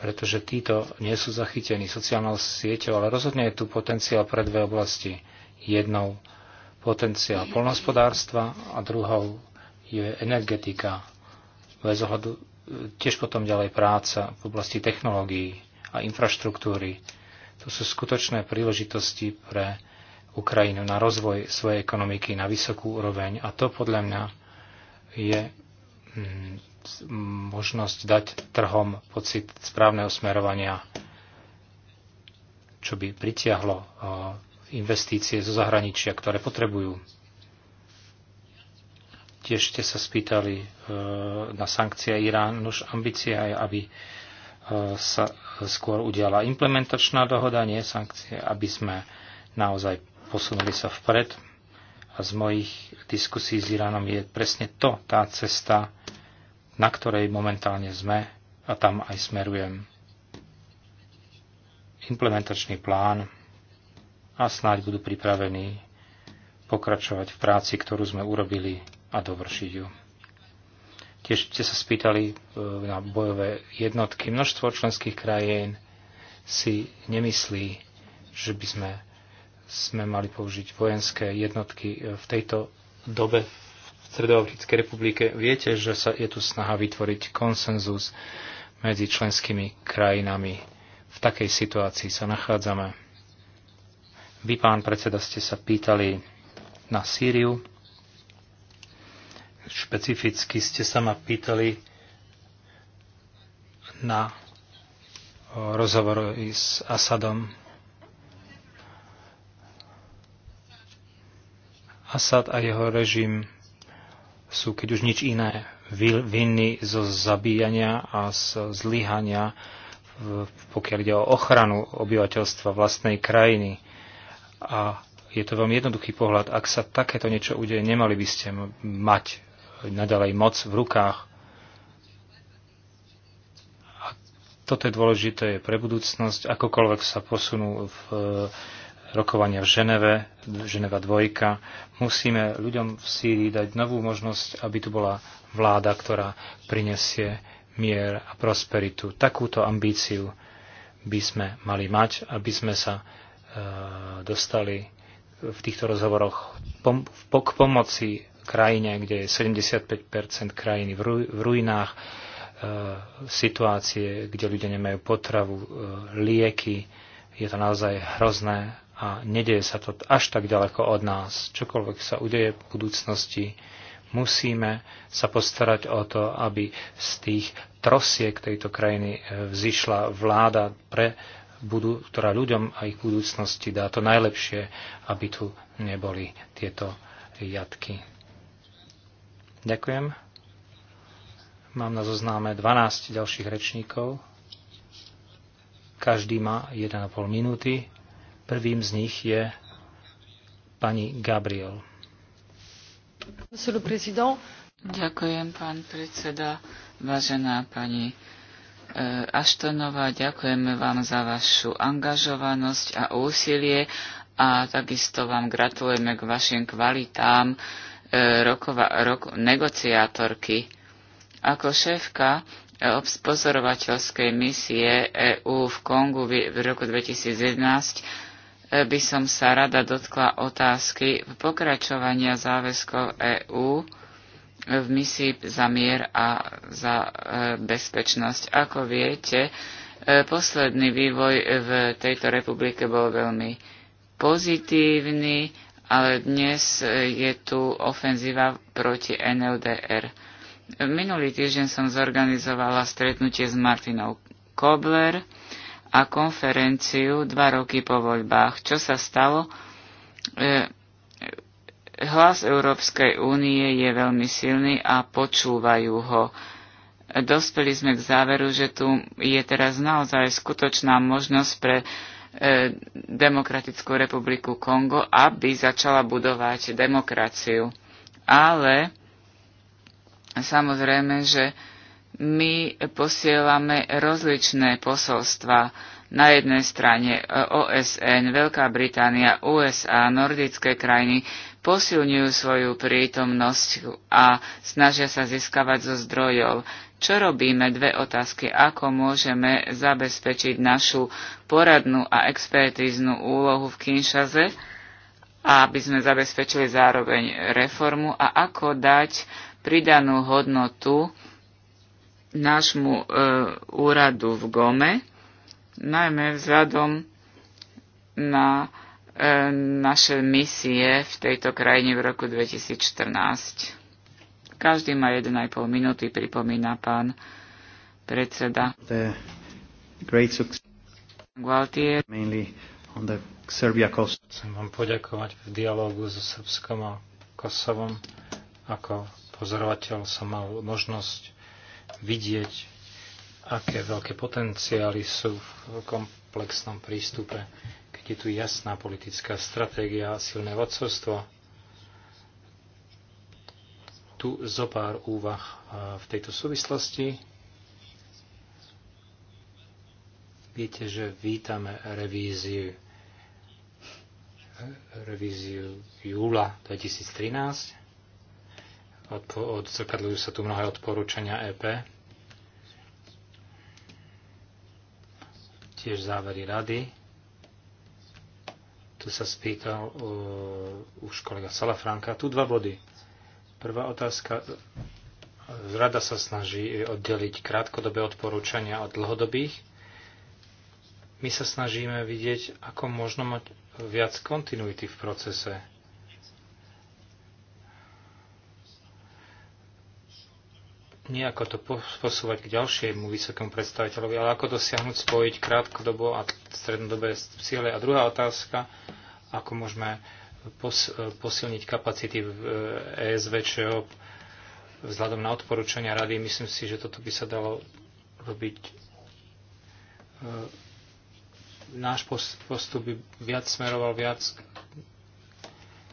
Pretože títo nie sú zachytení sociálnou sieťou, ale rozhodne je tu potenciál pre dve oblasti. Jednou potenciál polnospodárstva a druhou je energetika. Bez ohľadu tiež potom ďalej práca v oblasti technológií a infraštruktúry. To sú skutočné príležitosti pre Ukrajinu na rozvoj svojej ekonomiky na vysokú úroveň. A to podľa mňa je mm, možnosť dať trhom pocit správneho smerovania, čo by pritiahlo investície zo zahraničia, ktoré potrebujú. Tiež ste sa spýtali na sankcie Iránu, už ambícia je, aby sa skôr udiala implementačná dohoda, nie sankcie, aby sme naozaj posunuli sa vpred a z mojich diskusí s Iránom je presne to tá cesta, na ktorej momentálne sme a tam aj smerujem. Implementačný plán a snáď budú pripravení pokračovať v práci, ktorú sme urobili a dovršiť ju. Tiež ste sa spýtali e, na bojové jednotky. Množstvo členských krajín si nemyslí, že by sme sme mali použiť vojenské jednotky e, v tejto dobe v Stredoafrickej republike. Viete, že sa je tu snaha vytvoriť konsenzus medzi členskými krajinami. V takej situácii sa nachádzame. Vy, pán predseda, ste sa pýtali na Sýriu. Špecificky ste sa ma pýtali na e, rozhovor s Asadom Asad a jeho režim sú, keď už nič iné, vinní zo zabíjania a z zlyhania, pokiaľ ide o ochranu obyvateľstva vlastnej krajiny. A je to veľmi jednoduchý pohľad. Ak sa takéto niečo udeje, nemali by ste mať nadalej moc v rukách. A toto je dôležité pre budúcnosť, akokoľvek sa posunú v rokovania v Ženeve, Ženeva dvojka. Musíme ľuďom v Sýrii dať novú možnosť, aby tu bola vláda, ktorá prinesie mier a prosperitu. Takúto ambíciu by sme mali mať, aby sme sa e, dostali v týchto rozhovoroch pom- k pomoci krajine, kde je 75 krajiny v, ru- v ruinách, e, situácie, kde ľudia nemajú potravu, e, lieky. Je to naozaj hrozné a nedeje sa to až tak ďaleko od nás. Čokoľvek sa udeje v budúcnosti, musíme sa postarať o to, aby z tých trosiek tejto krajiny e, vzýšla vláda, pre budú, ktorá ľuďom a ich budúcnosti dá to najlepšie, aby tu neboli tieto jatky. Ďakujem. Mám na zoznáme 12 ďalších rečníkov. Každý má 1,5 minúty. Prvým z nich je pani Gabriel. Ďakujem, pán predseda, vážená pani eh, Aštonová, ďakujeme vám za vašu angažovanosť a úsilie a takisto vám gratulujeme k vašim kvalitám eh, rokova, roko, negociátorky. Ako šéfka eh, pozorovateľskej misie EÚ v Kongu v roku 2011 by som sa rada dotkla otázky pokračovania záväzkov EÚ v misii za mier a za e, bezpečnosť. Ako viete, e, posledný vývoj v tejto republike bol veľmi pozitívny, ale dnes e, je tu ofenzíva proti NLDR. Minulý týždeň som zorganizovala stretnutie s Martinou Kobler, a konferenciu dva roky po voľbách. Čo sa stalo? E, hlas Európskej únie je veľmi silný a počúvajú ho. Dospeli sme k záveru, že tu je teraz naozaj skutočná možnosť pre e, Demokratickú republiku Kongo, aby začala budovať demokraciu. Ale samozrejme, že e, my posielame rozličné posolstva. Na jednej strane e, OSN, Veľká Británia, USA, nordické krajiny posilňujú svoju prítomnosť a snažia sa získavať zo zdrojov. Čo robíme? Dve otázky. Ako môžeme zabezpečiť našu poradnú a expertíznu úlohu v Kinšaze, aby sme zabezpečili zároveň reformu a ako dať pridanú hodnotu nášmu e, úradu v Gome, najmä vzhľadom na e, naše misie v tejto krajine v roku 2014. Každý má 1,5 minúty, pripomína pán predseda. The great Mainly on the Serbia coast. Chcem vám poďakovať v dialogu so Srbskom a Kosovom. Ako pozorovateľ som mal možnosť vidieť, aké veľké potenciály sú v komplexnom prístupe, keď je tu jasná politická stratégia a silné vodcovstvo. Tu zo pár úvah v tejto súvislosti. Viete, že vítame revíziu revíziu júla 2013 Odzrkadľujú sa tu mnohé odporúčania EP. Tiež závery rady. Tu sa spýtal uh, už kolega Salafranka. Tu dva body. Prvá otázka. Rada sa snaží oddeliť krátkodobé odporúčania od dlhodobých. My sa snažíme vidieť, ako možno mať viac kontinuity v procese. nie ako to posúvať k ďalšiemu vysokému predstaviteľovi, ale ako dosiahnuť, spojiť krátkodobo a strednodobé ciele. A druhá otázka, ako môžeme posilniť kapacity v ESVČO e vzhľadom na odporúčania rady. Myslím si, že toto by sa dalo robiť. E, náš postup by viac smeroval viac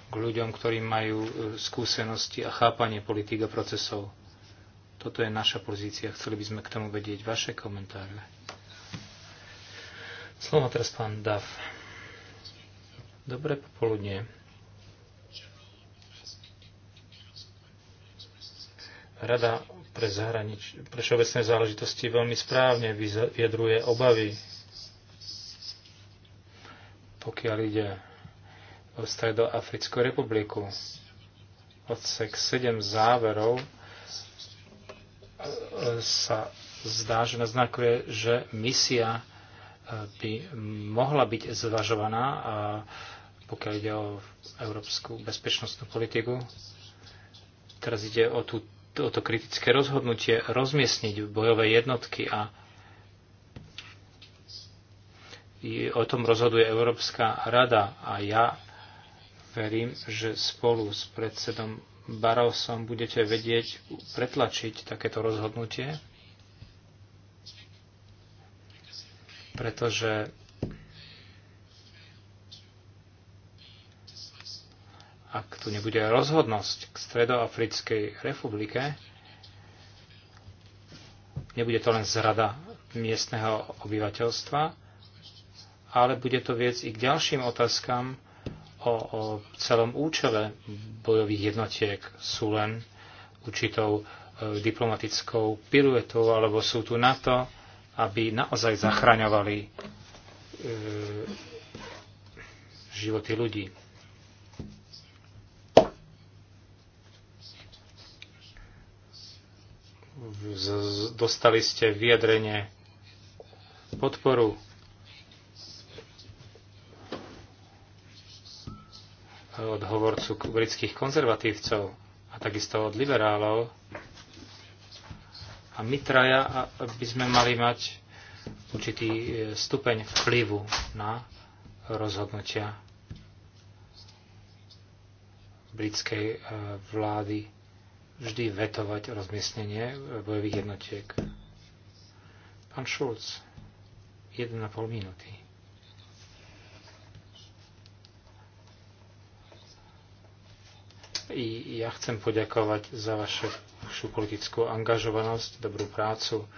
k ľuďom, ktorí majú e, skúsenosti a chápanie politik a procesov. Toto je naša pozícia. Chceli by sme k tomu vedieť vaše komentáre. Slovo teraz pán Dav. Dobré popoludne. Rada pre, zahranič- pre všeobecné záležitosti veľmi správne vyjadruje obavy, pokiaľ ide o Stredoafrickú republiku. Odsek 7 záverov sa zdá, že naznakuje, že misia e, by mohla byť zvažovaná, a pokiaľ ide o európsku bezpečnostnú politiku. Teraz ide o, tú, o to kritické rozhodnutie rozmiestniť bojové jednotky a o tom rozhoduje Európska rada a ja verím, že spolu s predsedom Barosom budete vedieť pretlačiť takéto rozhodnutie, pretože ak tu nebude rozhodnosť k Stredoafrickej republike, nebude to len zrada miestneho obyvateľstva, ale bude to viesť i k ďalším otázkam, o, o celom účele bojových jednotiek sú len určitou e, diplomatickou piruetou, alebo sú tu na to, aby naozaj zachraňovali e, životy ľudí. Z, z, dostali ste vyjadrenie podporu od hovorcu britských konzervatívcov a takisto od liberálov. A my traja, aby sme mali mať určitý e, stupeň vplyvu na rozhodnutia britskej e, vlády vždy vetovať rozmiestnenie e, bojových jednotiek. Pán Schulz, 1,5 minúty. I ja chcem poďakovať za vašu politickú angažovanosť, dobrú prácu,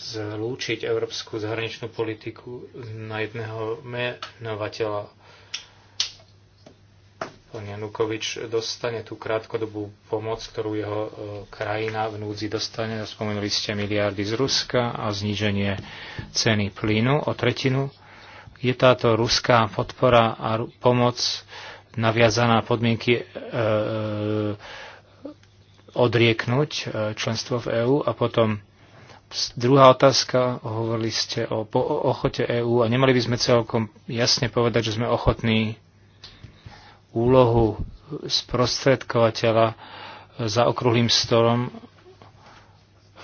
zlúčiť európsku zahraničnú politiku na jedného menovateľa. Pán Janukovič dostane tú krátkodobú pomoc, ktorú jeho e, krajina v núdzi dostane. Spomenuli ste miliardy z Ruska a zníženie ceny plynu o tretinu. Je táto ruská podpora a pomoc naviazaná podmienky e, e, odrieknúť e, členstvo v EÚ a potom druhá otázka, hovorili ste o, ochote EÚ a nemali by sme celkom jasne povedať, že sme ochotní úlohu sprostredkovateľa za okruhlým stolom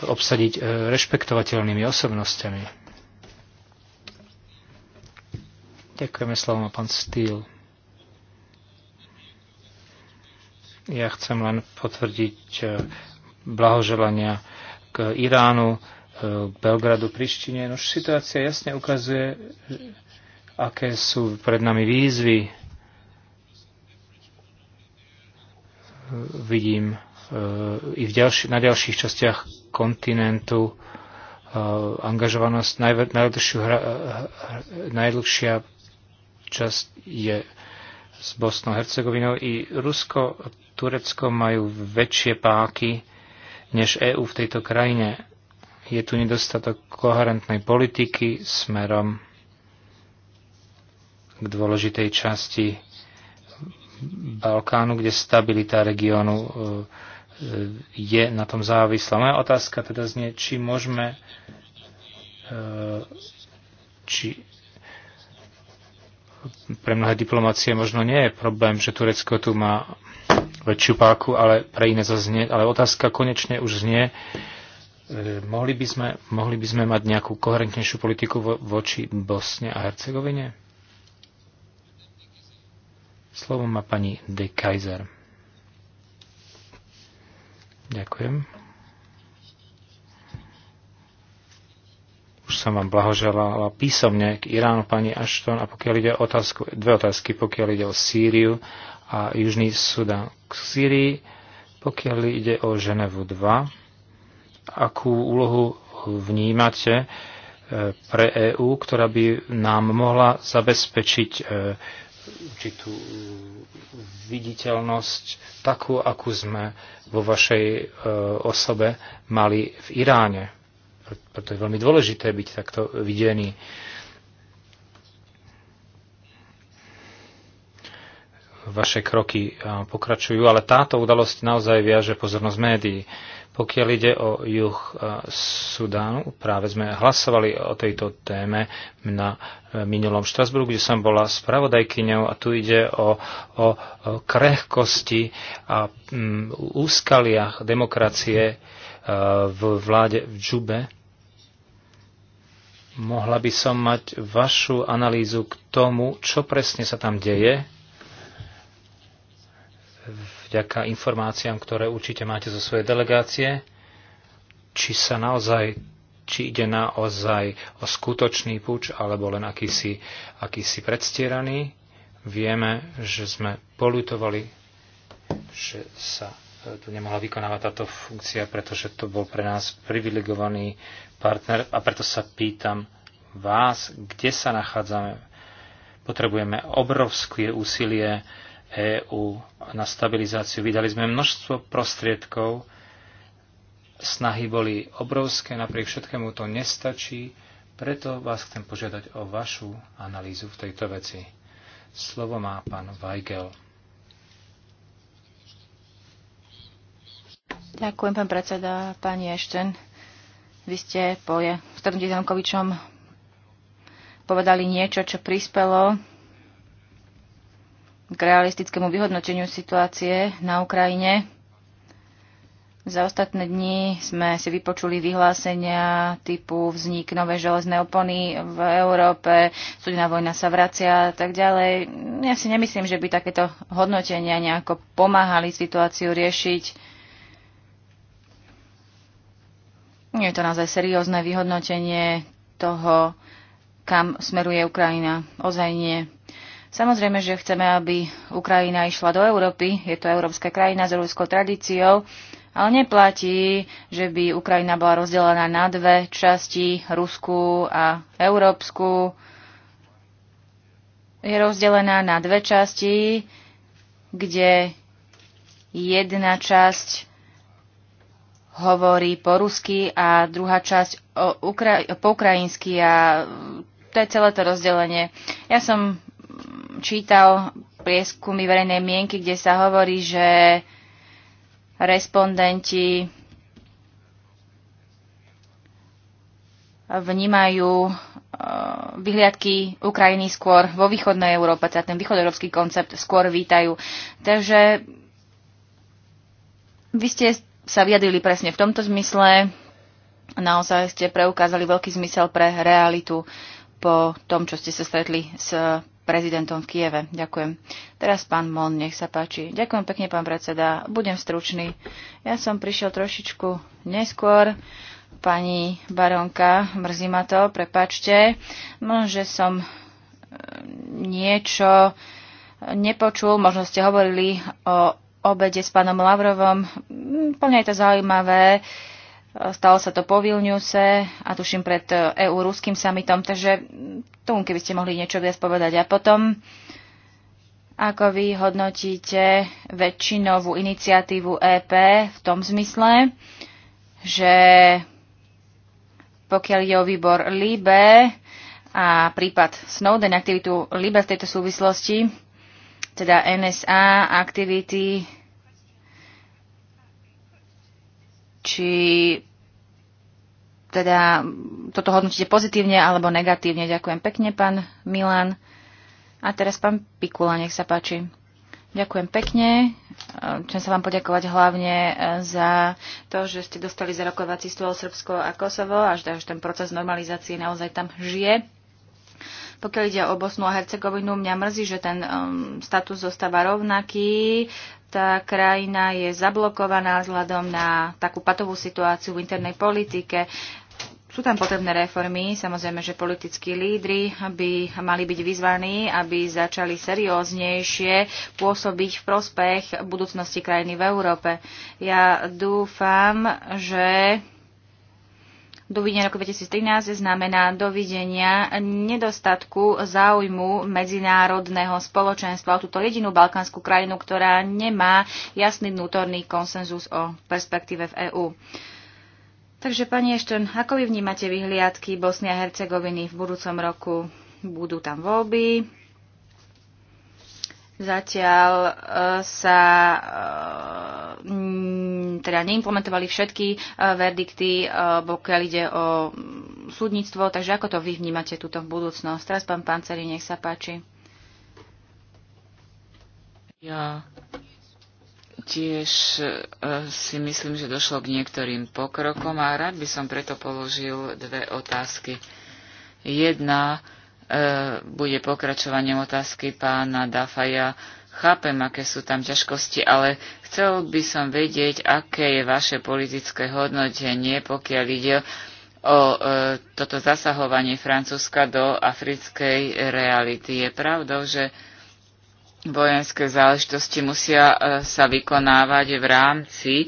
obsadiť rešpektovateľnými osobnostiami. Ďakujeme a pán Steele. Ja chcem len potvrdiť eh, blahoželania k Iránu, k eh, Belgradu, Prištine. Nož situácia jasne ukazuje, aké sú pred nami výzvy. Eh, vidím i v ďalši, na ďalších častiach kontinentu angažovanosť. najdlhšia časť je s Bosnou Hercegovinou i Rusko Turecko majú väčšie páky než EÚ v tejto krajine. Je tu nedostatok koherentnej politiky smerom k dôležitej časti Balkánu, kde stabilita regiónu e, e, je na tom závislá. Moja otázka teda znie, či môžeme e, či pre mnohé diplomácie možno nie je problém, že Turecko tu má väčšiu páku, ale pre iné zaznie. Ale otázka konečne už znie, e, mohli by sme, mohli by sme mať nejakú koherentnejšiu politiku vo, voči Bosne a Hercegovine? Slovo má pani De Kaiser. Ďakujem. Už som vám blahoželala písomne k Iránu, pani Ashton, a pokiaľ ide o otázku, dve otázky, pokiaľ ide o Sýriu a Južný Sudan k Sýrii, pokiaľ ide o Ženevu 2, akú úlohu vnímate e, pre EÚ, ktorá by nám mohla zabezpečiť e, určitú viditeľnosť, takú, akú sme vo vašej e, osobe mali v Iráne. Preto je veľmi dôležité byť takto videný vaše kroky pokračujú, ale táto udalosť naozaj viaže pozornosť médií. Pokiaľ ide o juh Sudánu, práve sme hlasovali o tejto téme na e, minulom Štrasburgu, kde som bola spravodajkyňou a tu ide o, o krehkosti a mm, úskaliach demokracie e, v vláde v Džube. Mohla by som mať vašu analýzu k tomu, čo presne sa tam deje, vďaka informáciám, ktoré určite máte zo svojej delegácie, či sa naozaj či ide naozaj o skutočný puč alebo len akýsi, akýsi predstieraný. Vieme, že sme polutovali, že sa e, tu nemohla vykonávať táto funkcia, pretože to bol pre nás privilegovaný partner a preto sa pýtam vás, kde sa nachádzame. Potrebujeme obrovské úsilie EÚ na stabilizáciu. Vydali sme množstvo prostriedkov, snahy boli obrovské, napriek všetkému to nestačí, preto vás chcem požiadať o vašu analýzu v tejto veci. Slovo má pán Weigel. Ďakujem, pán predseda, pani Ešten. Vy ste po Starom povedali niečo, čo prispelo k realistickému vyhodnoteniu situácie na Ukrajine. Za ostatné dni sme si vypočuli vyhlásenia typu vznik nové železné opony v Európe, súdna vojna sa vracia a tak ďalej. Ja si nemyslím, že by takéto hodnotenia nejako pomáhali situáciu riešiť. Je to naozaj seriózne vyhodnotenie toho, kam smeruje Ukrajina. Ozaj nie. Samozrejme, že chceme, aby Ukrajina išla do Európy. Je to európska krajina s európskou tradíciou, ale neplatí, že by Ukrajina bola rozdelená na dve časti, ruskú a európsku. Je rozdelená na dve časti, kde jedna časť hovorí po rusky a druhá časť o ukra- po ukrajinsky a to je celé to rozdelenie. Ja som čítal prieskumy verejnej mienky, kde sa hovorí, že respondenti vnímajú e, vyhliadky Ukrajiny skôr vo východnej Európe, teda ten východoeurópsky koncept skôr vítajú. Takže vy ste sa vyjadrili presne v tomto zmysle. Naozaj ste preukázali veľký zmysel pre realitu po tom, čo ste sa stretli s prezidentom v Kieve. Ďakujem. Teraz pán Mon, nech sa páči. Ďakujem pekne, pán predseda. Budem stručný. Ja som prišiel trošičku neskôr. Pani baronka, mrzí ma to, prepačte. Možno, že som e, niečo nepočul. Možno ste hovorili o obede s pánom Lavrovom. Hm, plne je to zaujímavé. Uh, Stalo sa to po Vilniuse a tuším pred e, EU-ruským summitom, takže tomu keby ste mohli niečo viac povedať. A potom, ako vy hodnotíte väčšinovú iniciatívu EP v tom zmysle, že pokiaľ je o výbor LIBE a prípad Snowden, aktivitu LIBE v tejto súvislosti, teda NSA, aktivity či teda toto hodnotíte pozitívne alebo negatívne. Ďakujem pekne, pán Milan. A teraz pán Pikula, nech sa páči. Ďakujem pekne. Chcem sa vám poďakovať hlavne e, za to, že ste dostali za rokovací stôl Srbsko a Kosovo, až, že ten proces normalizácie naozaj tam žije. Pokiaľ ide o Bosnu a Hercegovinu, mňa mrzí, že ten um, status zostáva rovnaký tá krajina je zablokovaná vzhľadom na takú patovú situáciu v internej politike. Sú tam potrebné reformy, samozrejme, že politickí lídry by mali byť vyzvaní, aby začali serióznejšie pôsobiť v prospech budúcnosti krajiny v Európe. Ja dúfam, že Dovidenia roku 2013 znamená dovidenia nedostatku záujmu medzinárodného spoločenstva o túto jedinú balkánsku krajinu, ktorá nemá jasný vnútorný konsenzus o perspektíve v EÚ. Takže, pani Ešton, ako vy vnímate vyhliadky Bosny a Hercegoviny v budúcom roku? Budú tam voľby, Zatiaľ e, sa e, teda neimplementovali všetky e, verdikty, pokiaľ ide o súdnictvo, takže ako to vy vnímate túto budúcnosť? Teraz pán Panceri, nech sa páči. Ja tiež si myslím, že došlo k niektorým pokrokom a rád by som preto položil dve otázky. Jedna E, bude pokračovaním otázky pána Dafa. Ja chápem, aké sú tam ťažkosti, ale chcel by som vedieť, aké je vaše politické hodnotenie, pokiaľ ide o e, toto zasahovanie Francúzska do africkej reality. Je pravdou, že vojenské záležitosti musia e, sa vykonávať v rámci e,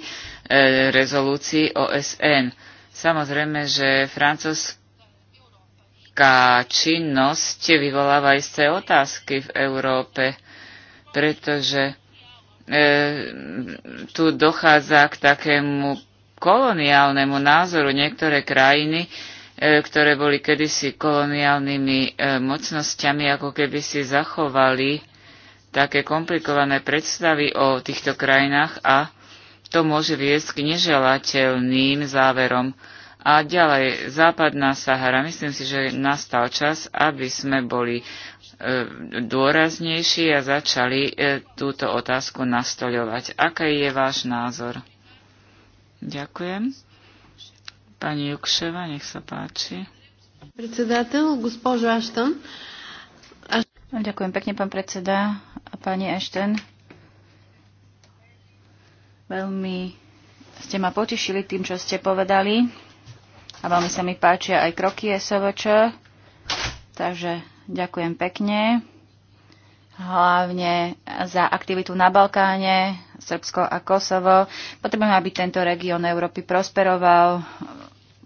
rezolúcií OSN. Samozrejme, že francúzsk politická činnosť vyvoláva isté otázky v Európe, pretože e, tu dochádza k takému koloniálnemu názoru niektoré krajiny, e, ktoré boli kedysi koloniálnymi e, mocnosťami, ako keby si zachovali také komplikované predstavy o týchto krajinách a to môže viesť k neželateľným záverom. A ďalej, západná Sahara. Myslím si, že nastal čas, aby sme boli e, dôraznejší a začali e, túto otázku nastoľovať. Aký je váš názor? Ďakujem. Pani Jukševa, nech sa páči. gospožo Ďakujem pekne, pán predseda a pani Ashton. Veľmi ste ma potešili tým, čo ste povedali a veľmi sa mi páčia aj kroky SVČ. Takže ďakujem pekne. Hlavne za aktivitu na Balkáne, Srbsko a Kosovo. Potrebujeme, aby tento región Európy prosperoval.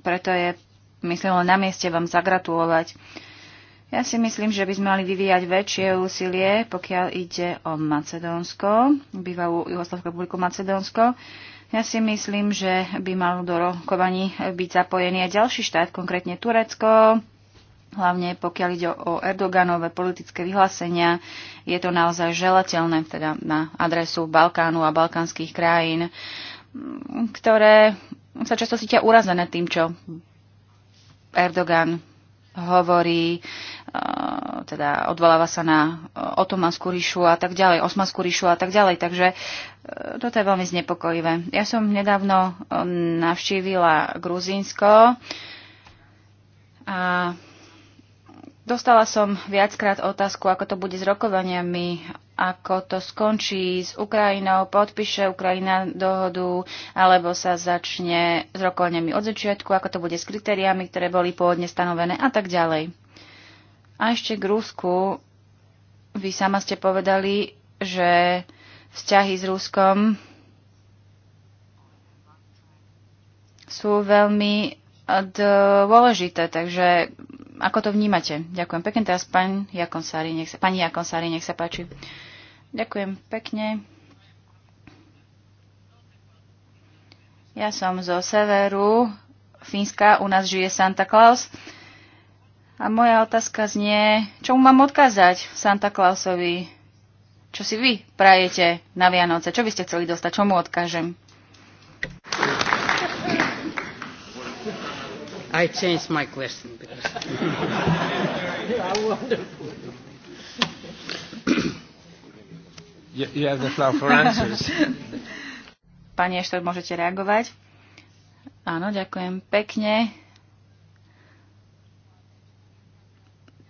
Preto je, myslím, len na mieste vám zagratulovať. Ja si myslím, že by sme mali vyvíjať väčšie úsilie, pokiaľ ide o Macedónsko, bývalú Juhoslavskú republiku Macedónsko. Ja si myslím, že by mal do rokovaní byť zapojený aj ďalší štát, konkrétne Turecko, hlavne pokiaľ ide o Erdoganové politické vyhlásenia, je to naozaj želateľné teda na adresu Balkánu a balkánskych krajín, ktoré sa často cítia urazené tým, čo Erdogan hovorí, e, teda odvoláva sa na e, otomanskú ríšu a tak ďalej, osmanskú ríšu a tak ďalej. Takže e, toto je veľmi znepokojivé. Ja som nedávno navštívila Gruzínsko a dostala som viackrát otázku, ako to bude s rokovaniami ako to skončí s Ukrajinou, podpíše Ukrajina dohodu, alebo sa začne s rokovaniami od začiatku, ako to bude s kritériami, ktoré boli pôvodne stanovené a tak ďalej. A ešte k Rusku. Vy sama ste povedali, že vzťahy s Ruskom sú veľmi dôležité, takže ako to vnímate? Ďakujem pekne. Teraz pán Jakonsári, nech sa, pani Jakonsári, nech sa páči. Ďakujem pekne. Ja som zo severu Fínska, u nás žije Santa Claus. A moja otázka znie, čo mu mám odkázať Santa Clausovi? Čo si vy prajete na Vianoce? Čo by ste chceli dostať? Čo mu odkážem? I changed my question. You, have the floor for answers. Pani Eštok, môžete reagovať. Áno, ďakujem pekne.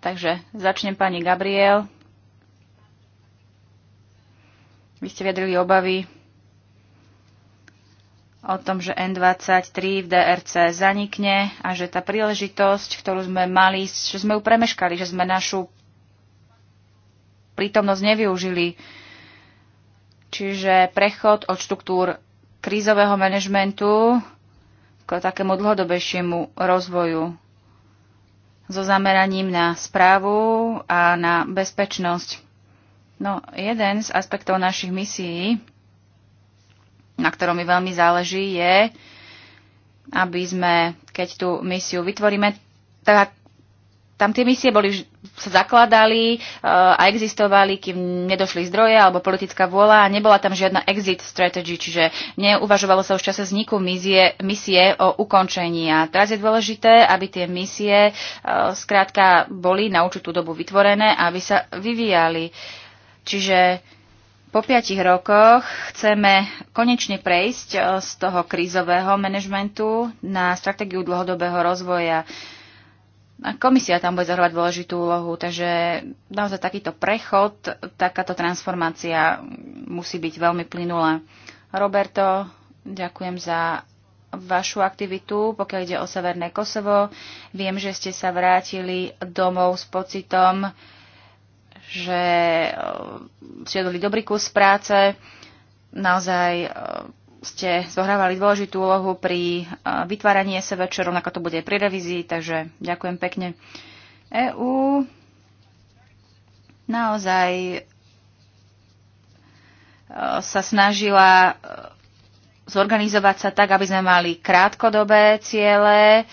Takže začnem pani Gabriel. Vy ste vyjadrili obavy o tom, že N23 v DRC zanikne a že tá príležitosť, ktorú sme mali, že sme ju premeškali, že sme našu prítomnosť nevyužili. Čiže prechod od štruktúr krízového manažmentu k takému dlhodobejšiemu rozvoju so zameraním na správu a na bezpečnosť. No, jeden z aspektov našich misií na ktorom mi veľmi záleží, je, aby sme, keď tú misiu vytvoríme, tak tam tie misie boli, sa zakladali e, a existovali, kým nedošli zdroje alebo politická vôľa a nebola tam žiadna exit strategy, čiže neuvažovalo sa už čase vzniku misie, misie o ukončení. A teraz je dôležité, aby tie misie e, skrátka boli na určitú dobu vytvorené, a aby sa vyvíjali. Čiže po piatich rokoch chceme konečne prejsť e, z toho krízového manažmentu na stratégiu dlhodobého rozvoja. A komisia tam bude zahrávať dôležitú úlohu, takže naozaj takýto prechod, takáto transformácia musí byť veľmi plynulá. Roberto, ďakujem za vašu aktivitu, pokiaľ ide o Severné Kosovo. Viem, že ste sa vrátili domov s pocitom, že eh, ste dali dobrý kus práce, naozaj eh, ste zohrávali dôležitú úlohu pri eh, vytváraní SV, rovnako to bude aj pri revízii, takže ďakujem pekne. EU naozaj sa snažila zorganizovať sa tak, aby sme mali krátkodobé ciele,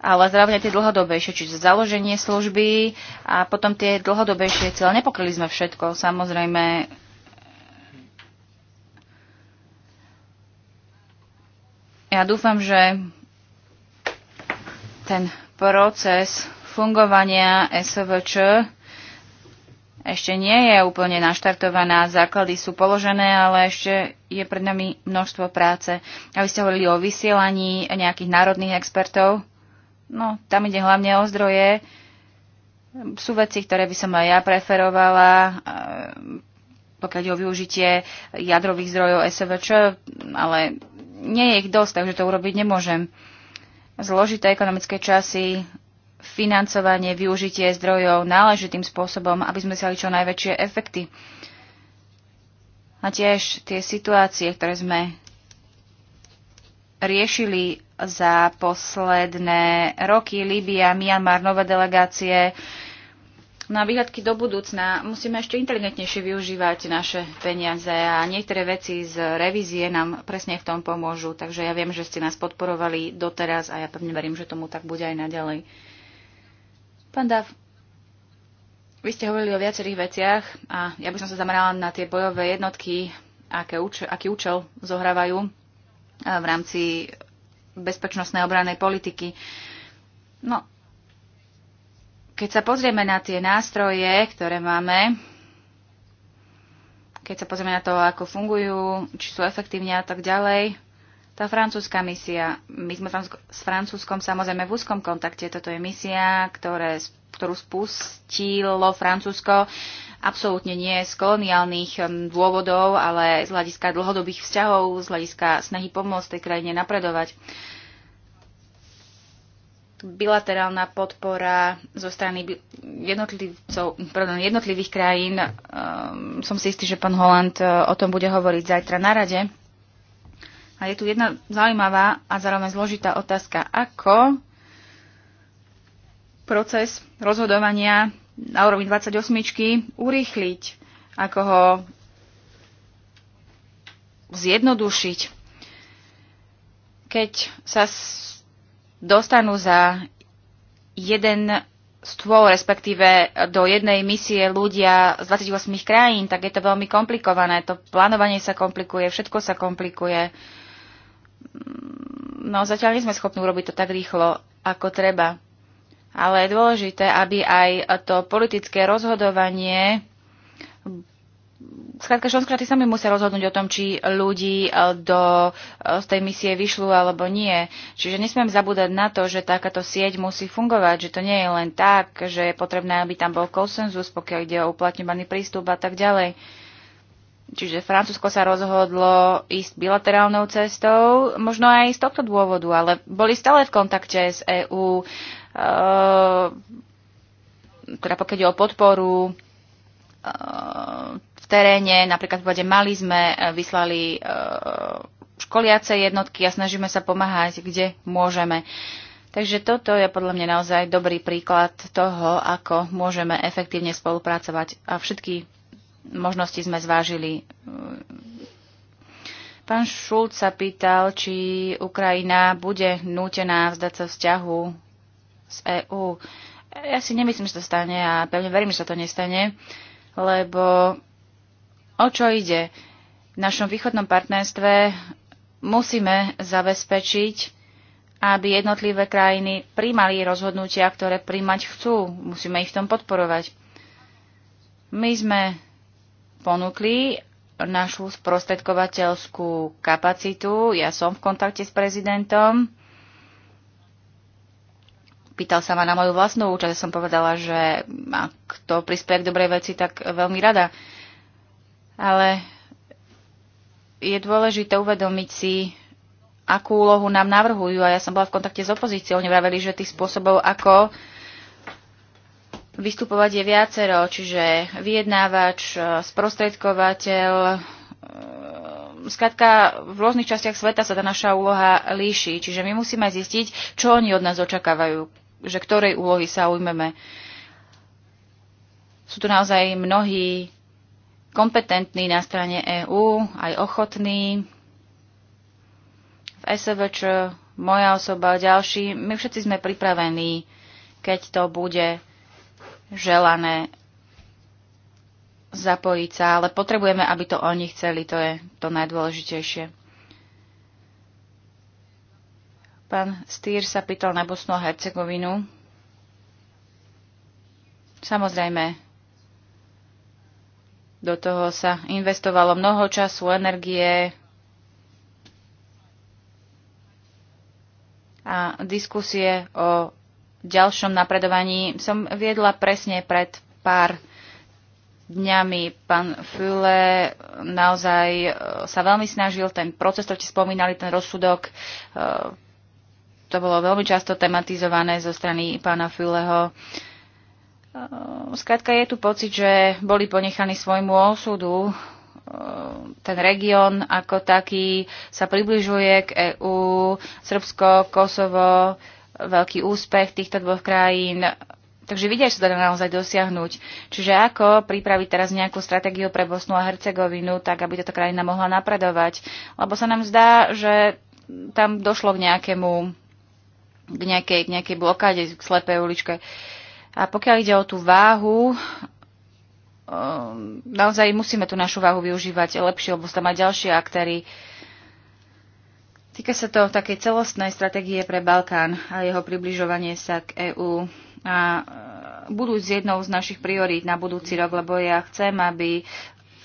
ale zároveň tie dlhodobejšie, čiže založenie služby a potom tie dlhodobejšie cieľe. Nepokryli sme všetko, samozrejme. Ja dúfam, že ten proces fungovania SVČ ešte nie je úplne naštartovaná, základy sú položené, ale ešte je pred nami množstvo práce. A vy ste hovorili o vysielaní nejakých národných expertov. No, tam ide hlavne o zdroje. Sú veci, ktoré by som aj ja preferovala, e, pokiaľ ide o využitie jadrových zdrojov SVČ, ale nie je ich dosť, takže to urobiť nemôžem. Zložité ekonomické časy, financovanie, využitie zdrojov náležitým spôsobom, aby sme dosiahli čo najväčšie efekty. A tiež tie situácie, ktoré sme riešili za posledné roky. Líbia, Myanmar, nové delegácie. Na výhľadky do budúcna musíme ešte inteligentnejšie využívať naše peniaze a niektoré veci z revízie nám presne v tom pomôžu. Takže ja viem, že ste nás podporovali doteraz a ja pevne verím, že tomu tak bude aj naďalej. Pán Dav, vy ste hovorili o viacerých veciach a ja by som sa zamerala na tie bojové jednotky, aké uč- aký účel zohrávajú eh, v rámci bezpečnostnej obranej politiky. No, keď sa pozrieme na tie nástroje, ktoré máme, keď sa pozrieme na to, ako fungujú, či sú efektívne a tak ďalej, tá francúzska misia, my sme s Francúzskom samozrejme v úzkom kontakte, toto je misia, ktoré, ktorú spustilo Francúzsko absolútne nie z koloniálnych dôvodov, ale z hľadiska dlhodobých vzťahov, z hľadiska snahy pomôcť tej krajine napredovať. Bilaterálna podpora zo strany pardon, jednotlivých krajín, um, som si istý, že pán Holland e, o tom bude hovoriť zajtra na rade. A je tu jedna zaujímavá a zároveň zložitá otázka, ako proces rozhodovania na úrovni 28 urýchliť, ako ho zjednodušiť. Keď sa dostanú za jeden stôl, respektíve do jednej misie ľudia z 28 krajín, tak je to veľmi komplikované. To plánovanie sa komplikuje, všetko sa komplikuje. No zatiaľ nie sme schopní urobiť to tak rýchlo, ako treba ale je dôležité, aby aj to politické rozhodovanie Skrátka, členské štáty sami musia rozhodnúť o tom, či ľudí eh, do, eh, z tej misie vyšľú alebo nie. Čiže nesmiem zabúdať na to, že takáto sieť musí fungovať, že to nie je len tak, že je potrebné, aby tam bol konsenzus, pokiaľ ide o uplatňovaný prístup a tak ďalej. Čiže Francúzsko sa rozhodlo ísť bilaterálnou cestou, možno aj z tohto dôvodu, ale boli stále v kontakte s EÚ. Ehm, teda pokiaľ ide o podporu ehm, v teréne, napríklad v vode Mali sme eh, vyslali ehm, školiace jednotky a snažíme sa pomáhať, kde môžeme. Takže toto je podľa mňa naozaj dobrý príklad toho, ako môžeme efektívne spolupracovať a všetky možnosti sme zvážili. Pán Šulc sa pýtal, či Ukrajina bude nútená vzdať sa vzťahu z EÚ. Ja si nemyslím, že to stane a pevne verím, že sa to nestane, lebo o čo ide? V našom východnom partnerstve musíme zabezpečiť, aby jednotlivé krajiny príjmali rozhodnutia, ktoré príjmať chcú. Musíme ich v tom podporovať. My sme ponúkli našu sprostredkovateľskú kapacitu. Ja som v kontakte s prezidentom pýtal sa ma na moju vlastnú účasť. Som povedala, že ak to prispieje k dobrej veci, tak veľmi rada. Ale je dôležité uvedomiť si, akú úlohu nám navrhujú. A ja som bola v kontakte s opozíciou. Oni vraveli, že tých spôsobov, ako vystupovať je viacero. Čiže vyjednávač, sprostredkovateľ, ehm, skratka v rôznych častiach sveta sa tá naša úloha líši, čiže my musíme zistiť, čo oni od nás očakávajú, že ktorej úlohy sa ujmeme. Sú tu naozaj mnohí kompetentní na strane EÚ, aj ochotní. V SVČ moja osoba ďalší, my všetci sme pripravení, keď to bude želané zapojiť sa, ale potrebujeme, aby to oni chceli, to je to najdôležitejšie. Pán Stýr sa pýtal na Bosnu a Hercegovinu. Samozrejme, do toho sa investovalo mnoho času, energie a diskusie o ďalšom napredovaní som viedla presne pred pár dňami. Pán Füle naozaj e, sa veľmi snažil, ten proces, ktorý ste spomínali, ten rozsudok e, to bolo veľmi často tematizované zo strany pána Fileho. Skrátka je tu pocit, že boli ponechaní svojmu osudu. Ten región ako taký sa približuje k EÚ, Srbsko, Kosovo, veľký úspech týchto dvoch krajín. Takže vidia, že sa dá naozaj dosiahnuť. Čiže ako pripraviť teraz nejakú stratégiu pre Bosnu a Hercegovinu, tak aby táto krajina mohla napredovať. Lebo sa nám zdá, že tam došlo k nejakému k nejakej, k nejakej blokáde, k slepej uličke. A pokiaľ ide o tú váhu, ehm, naozaj musíme tú našu váhu využívať lepšie, lebo tam aj ďalšie aktéry. Týka sa to takej celostnej stratégie pre Balkán a jeho približovanie sa k EÚ. A e, budú z jednou z našich priorít na budúci rok, lebo ja chcem, aby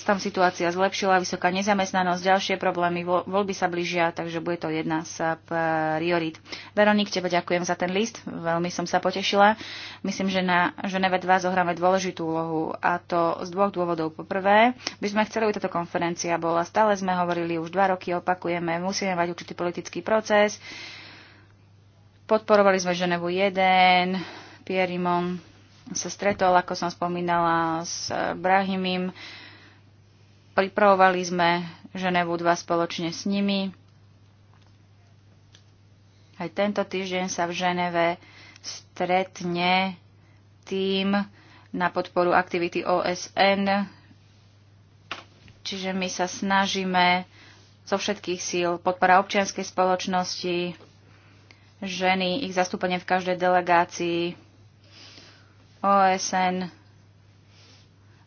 tam situácia zlepšila, vysoká nezamestnanosť, ďalšie problémy, voľby sa blížia, takže bude to jedna z eh, priorít. Veronik, tebe ďakujem za ten list, veľmi som sa potešila. Myslím, že na Ženeve 2 zohráme dôležitú úlohu a to z dvoch dôvodov. Poprvé, by sme chceli, aby táto konferencia bola, stále sme hovorili už dva roky, opakujeme, musíme mať určitý politický proces. Podporovali sme Ženevu 1, Pierimon sa stretol, ako som spomínala, s Brahimim, Pripravovali sme Ženevu 2 spoločne s nimi. Aj tento týždeň sa v Ženeve stretne tým na podporu aktivity OSN, čiže my sa snažíme zo všetkých síl podpora občianskej spoločnosti, ženy, ich zastúpenie v každej delegácii, OSN,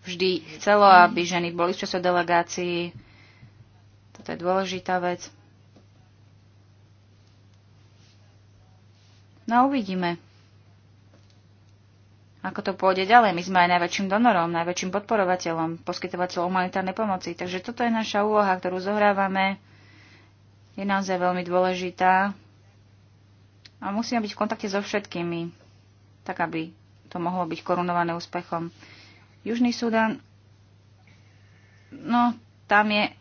vždy chcelo, aby ženy boli v čase delegácii, Toto je dôležitá vec. No uvidíme. Ako to pôjde ďalej? My sme aj najväčším donorom, najväčším podporovateľom, poskytovateľom humanitárnej pomoci. Takže toto je naša úloha, ktorú zohrávame. Je naozaj veľmi dôležitá. A musíme byť v kontakte so všetkými, tak aby to mohlo byť korunované úspechom. Južný Sudan, no tam je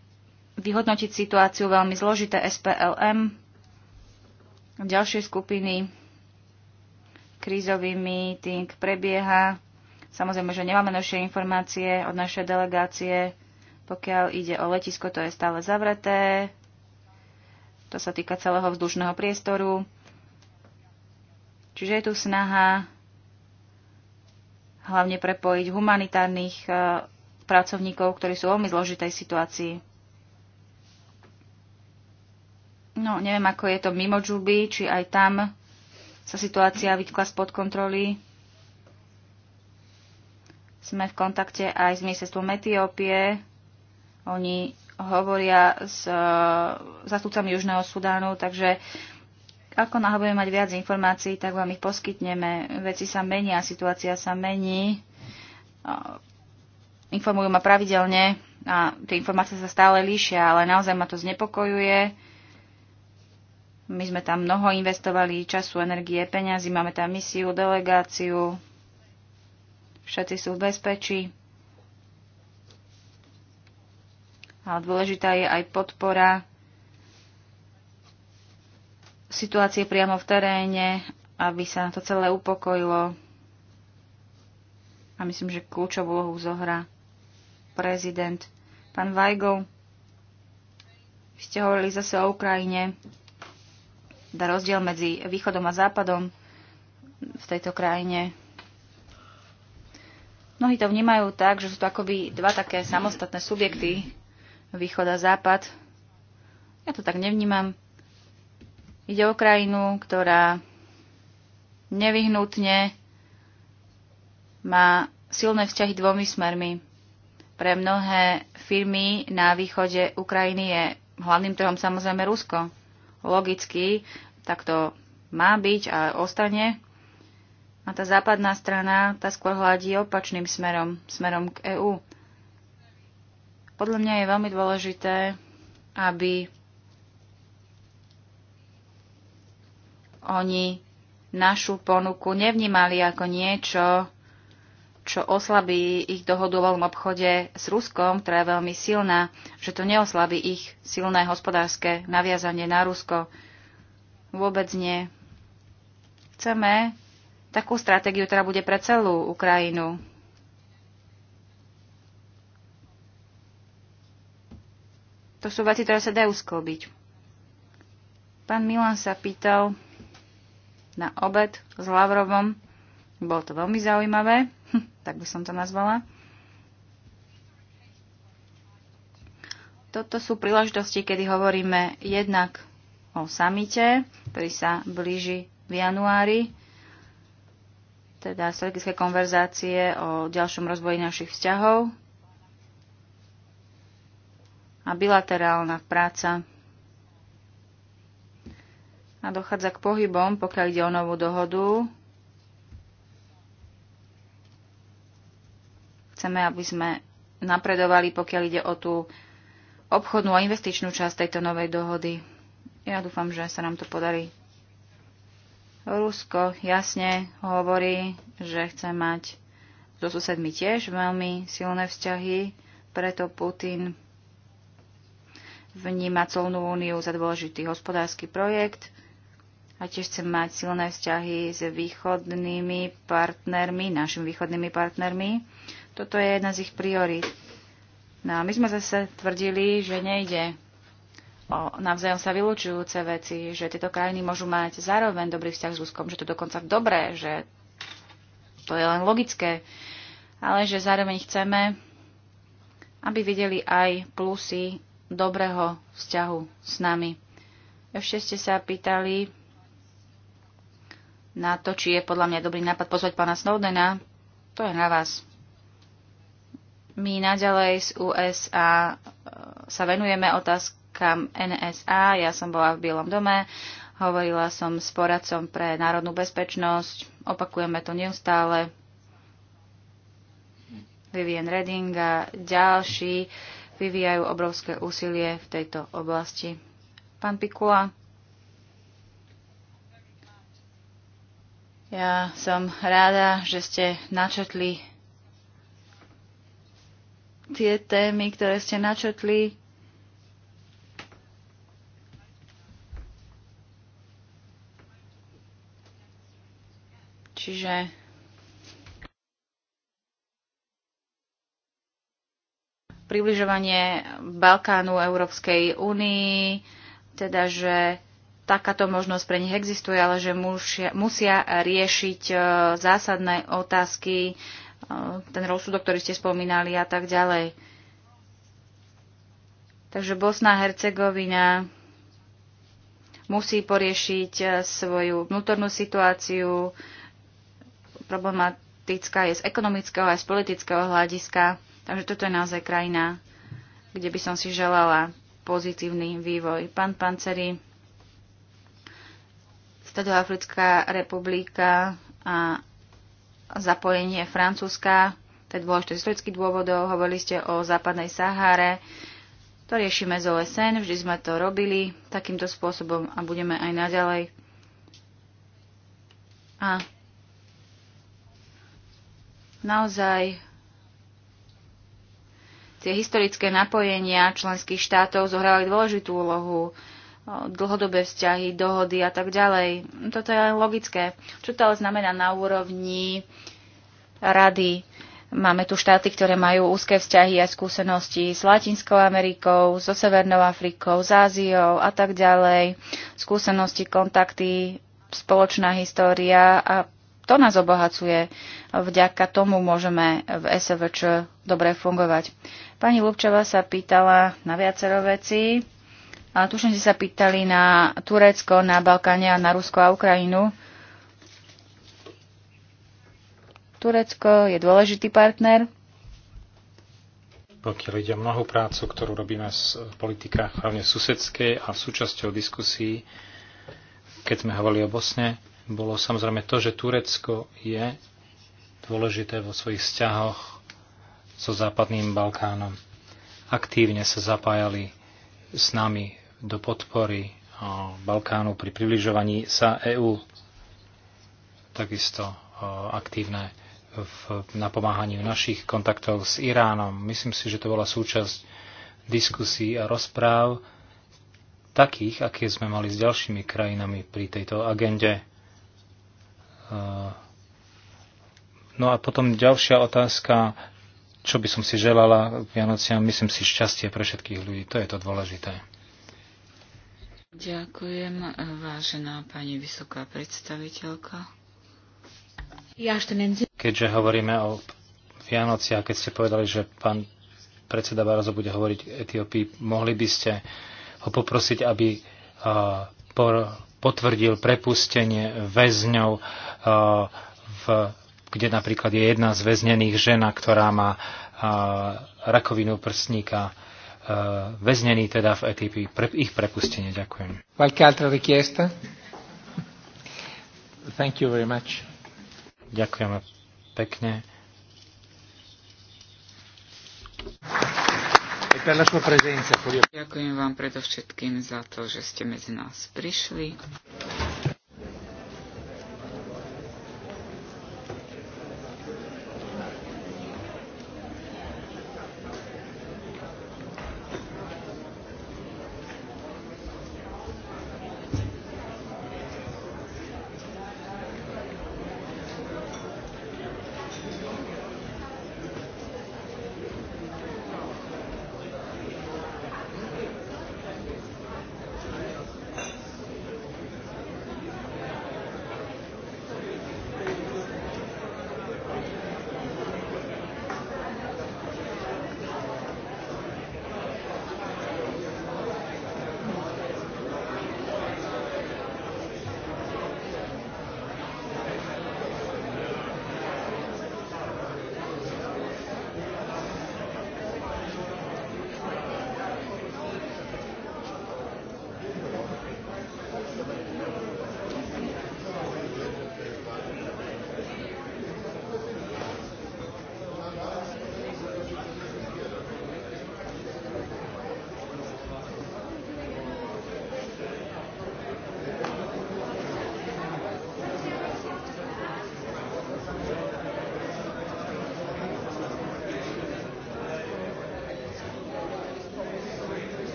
vyhodnotiť situáciu veľmi zložité SPLM, ďalšie skupiny, krízový meeting prebieha. Samozrejme, že nemáme novšie informácie od našej delegácie. Pokiaľ ide o letisko, to je stále zavreté. To sa týka celého vzdušného priestoru. Čiže je tu snaha hlavne prepojiť humanitárnych e, pracovníkov, ktorí sú v veľmi zložitej situácii. No, neviem, ako je to mimo Džuby, či aj tam sa situácia vytkla spod kontroly. Sme v kontakte aj s ministerstvom Etiópie. Oni hovoria s e, zastupcami Južného Sudánu, takže ako náhle budeme mať viac informácií, tak vám ich poskytneme. Veci sa menia, situácia sa mení. Informujú ma pravidelne a tie informácie sa stále líšia, ale naozaj ma to znepokojuje. My sme tam mnoho investovali času, energie, peňazí, máme tam misiu, delegáciu, všetci sú v bezpečí. Ale dôležitá je aj podpora situácie priamo v teréne, aby sa to celé upokojilo. A myslím, že kľúčovú úlohu zohrá prezident. Pán Vajgov, ste hovorili zase o Ukrajine, da rozdiel medzi východom a západom v tejto krajine. Mnohí to vnímajú tak, že sú to akoby dva také samostatné subjekty, východ a západ. Ja to tak nevnímam. Ide o krajinu, ktorá nevyhnutne má silné vzťahy dvomi smermi. Pre mnohé firmy na východe Ukrajiny je hlavným trhom samozrejme Rusko. Logicky, tak to má byť a ostane. A tá západná strana, tá skôr hľadí opačným smerom, smerom k EÚ. Podľa mňa je veľmi dôležité, aby Oni našu ponuku nevnímali ako niečo, čo oslabí ich dohodu o voľnom obchode s Ruskom, ktorá je veľmi silná, že to neoslabí ich silné hospodárske naviazanie na Rusko. Vôbec nie. Chceme takú stratégiu, ktorá bude pre celú Ukrajinu. To sú veci, ktoré sa dajú sklbiť. Pán Milan sa pýtal, na obed s Lavrovom. Bolo to veľmi zaujímavé, hm, tak by som to nazvala. Toto sú príležitosti, kedy hovoríme jednak o samite, ktorý sa blíži v januári, teda strategické konverzácie o ďalšom rozvoji našich vzťahov a bilaterálna práca a dochádza k pohybom, pokiaľ ide o novú dohodu. Chceme, aby sme napredovali, pokiaľ ide o tú obchodnú a investičnú časť tejto novej dohody. Ja dúfam, že sa nám to podarí. Rusko jasne hovorí, že chce mať so susedmi tiež veľmi silné vzťahy, preto Putin vníma celnú úniu za dôležitý hospodársky projekt – a tiež chcem mať silné vzťahy s východnými partnermi, našimi východnými partnermi. Toto je jedna z ich priorít. No a my sme zase tvrdili, že nejde o navzájom sa vylúčujúce veci, že tieto krajiny môžu mať zároveň dobrý vzťah s Ruskom, že to dokonca dobré, že to je len logické, ale že zároveň chceme, aby videli aj plusy dobrého vzťahu s nami. Ešte ste sa pýtali na to, či je podľa mňa dobrý nápad pozvať pána Snowdena, to je na vás. My naďalej z USA e, sa venujeme otázkam NSA. Ja som bola v Bielom dome, hovorila som s poradcom pre národnú bezpečnosť, opakujeme to neustále. Vivian Redding a ďalší vyvíjajú obrovské úsilie v tejto oblasti. Pán Pikula, Ja som ráda, že ste načetli tie témy, ktoré ste načetli. Čiže približovanie Balkánu Európskej únii, teda že takáto možnosť pre nich existuje, ale že musia, musia riešiť e, zásadné otázky, e, ten rozsudok, ktorý ste spomínali a tak ďalej. Takže Bosna a Hercegovina musí poriešiť e, svoju vnútornú situáciu. Problematická je z ekonomického aj z politického hľadiska. Takže toto je naozaj krajina, kde by som si želala pozitívny vývoj. Pán Panceri, toto Africká republika a zapojenie Francúzska, to je dôležité z historických dôvodov, hovorili ste o západnej Sahare, to riešime z OSN, vždy sme to robili takýmto spôsobom a budeme aj naďalej. A naozaj tie historické napojenia členských štátov zohrávali dôležitú úlohu dlhodobé vzťahy, dohody a tak ďalej. Toto je logické. Čo to ale znamená na úrovni rady? Máme tu štáty, ktoré majú úzke vzťahy a skúsenosti s Latinskou Amerikou, so Severnou Afrikou, s Áziou a tak ďalej. Skúsenosti, kontakty, spoločná história a to nás obohacuje. Vďaka tomu môžeme v SVČ dobre fungovať. Pani Lubčová sa pýtala na viacero veci. A tuším, ste sa pýtali na Turecko, na Balkáne a na Rusko a Ukrajinu. Turecko je dôležitý partner. Pokiaľ ide o mnohú prácu, ktorú robíme eh, v politikách, hlavne susedskej a súčasťou diskusí, keď sme hovorili o Bosne, bolo samozrejme to, že Turecko je dôležité vo svojich vzťahoch so Západným Balkánom. Aktívne sa zapájali s nami do podpory Balkánu pri približovaní sa EÚ. Takisto aktívne v napomáhaní našich kontaktov s Iránom. Myslím si, že to bola súčasť diskusí a rozpráv takých, aké sme mali s ďalšími krajinami pri tejto agende. No a potom ďalšia otázka, čo by som si želala Vianociam, myslím si šťastie pre všetkých ľudí, to je to dôležité. Ďakujem, vážená pani vysoká predstaviteľka. Keďže hovoríme o Vianoci a keď ste povedali, že pán predseda Barazo bude hovoriť Etiópii, mohli by ste ho poprosiť, aby potvrdil prepustenie väzňov, kde napríklad je jedna z väznených žena, ktorá má rakovinu prsníka E, väznení teda v Etiópii, pre ich prepustenie. Ďakujem. Qualche altra richiesta? Thank you very much. Ďakujem pekne. E Ďakujem vám predovšetkým za to, že ste medzi nás prišli.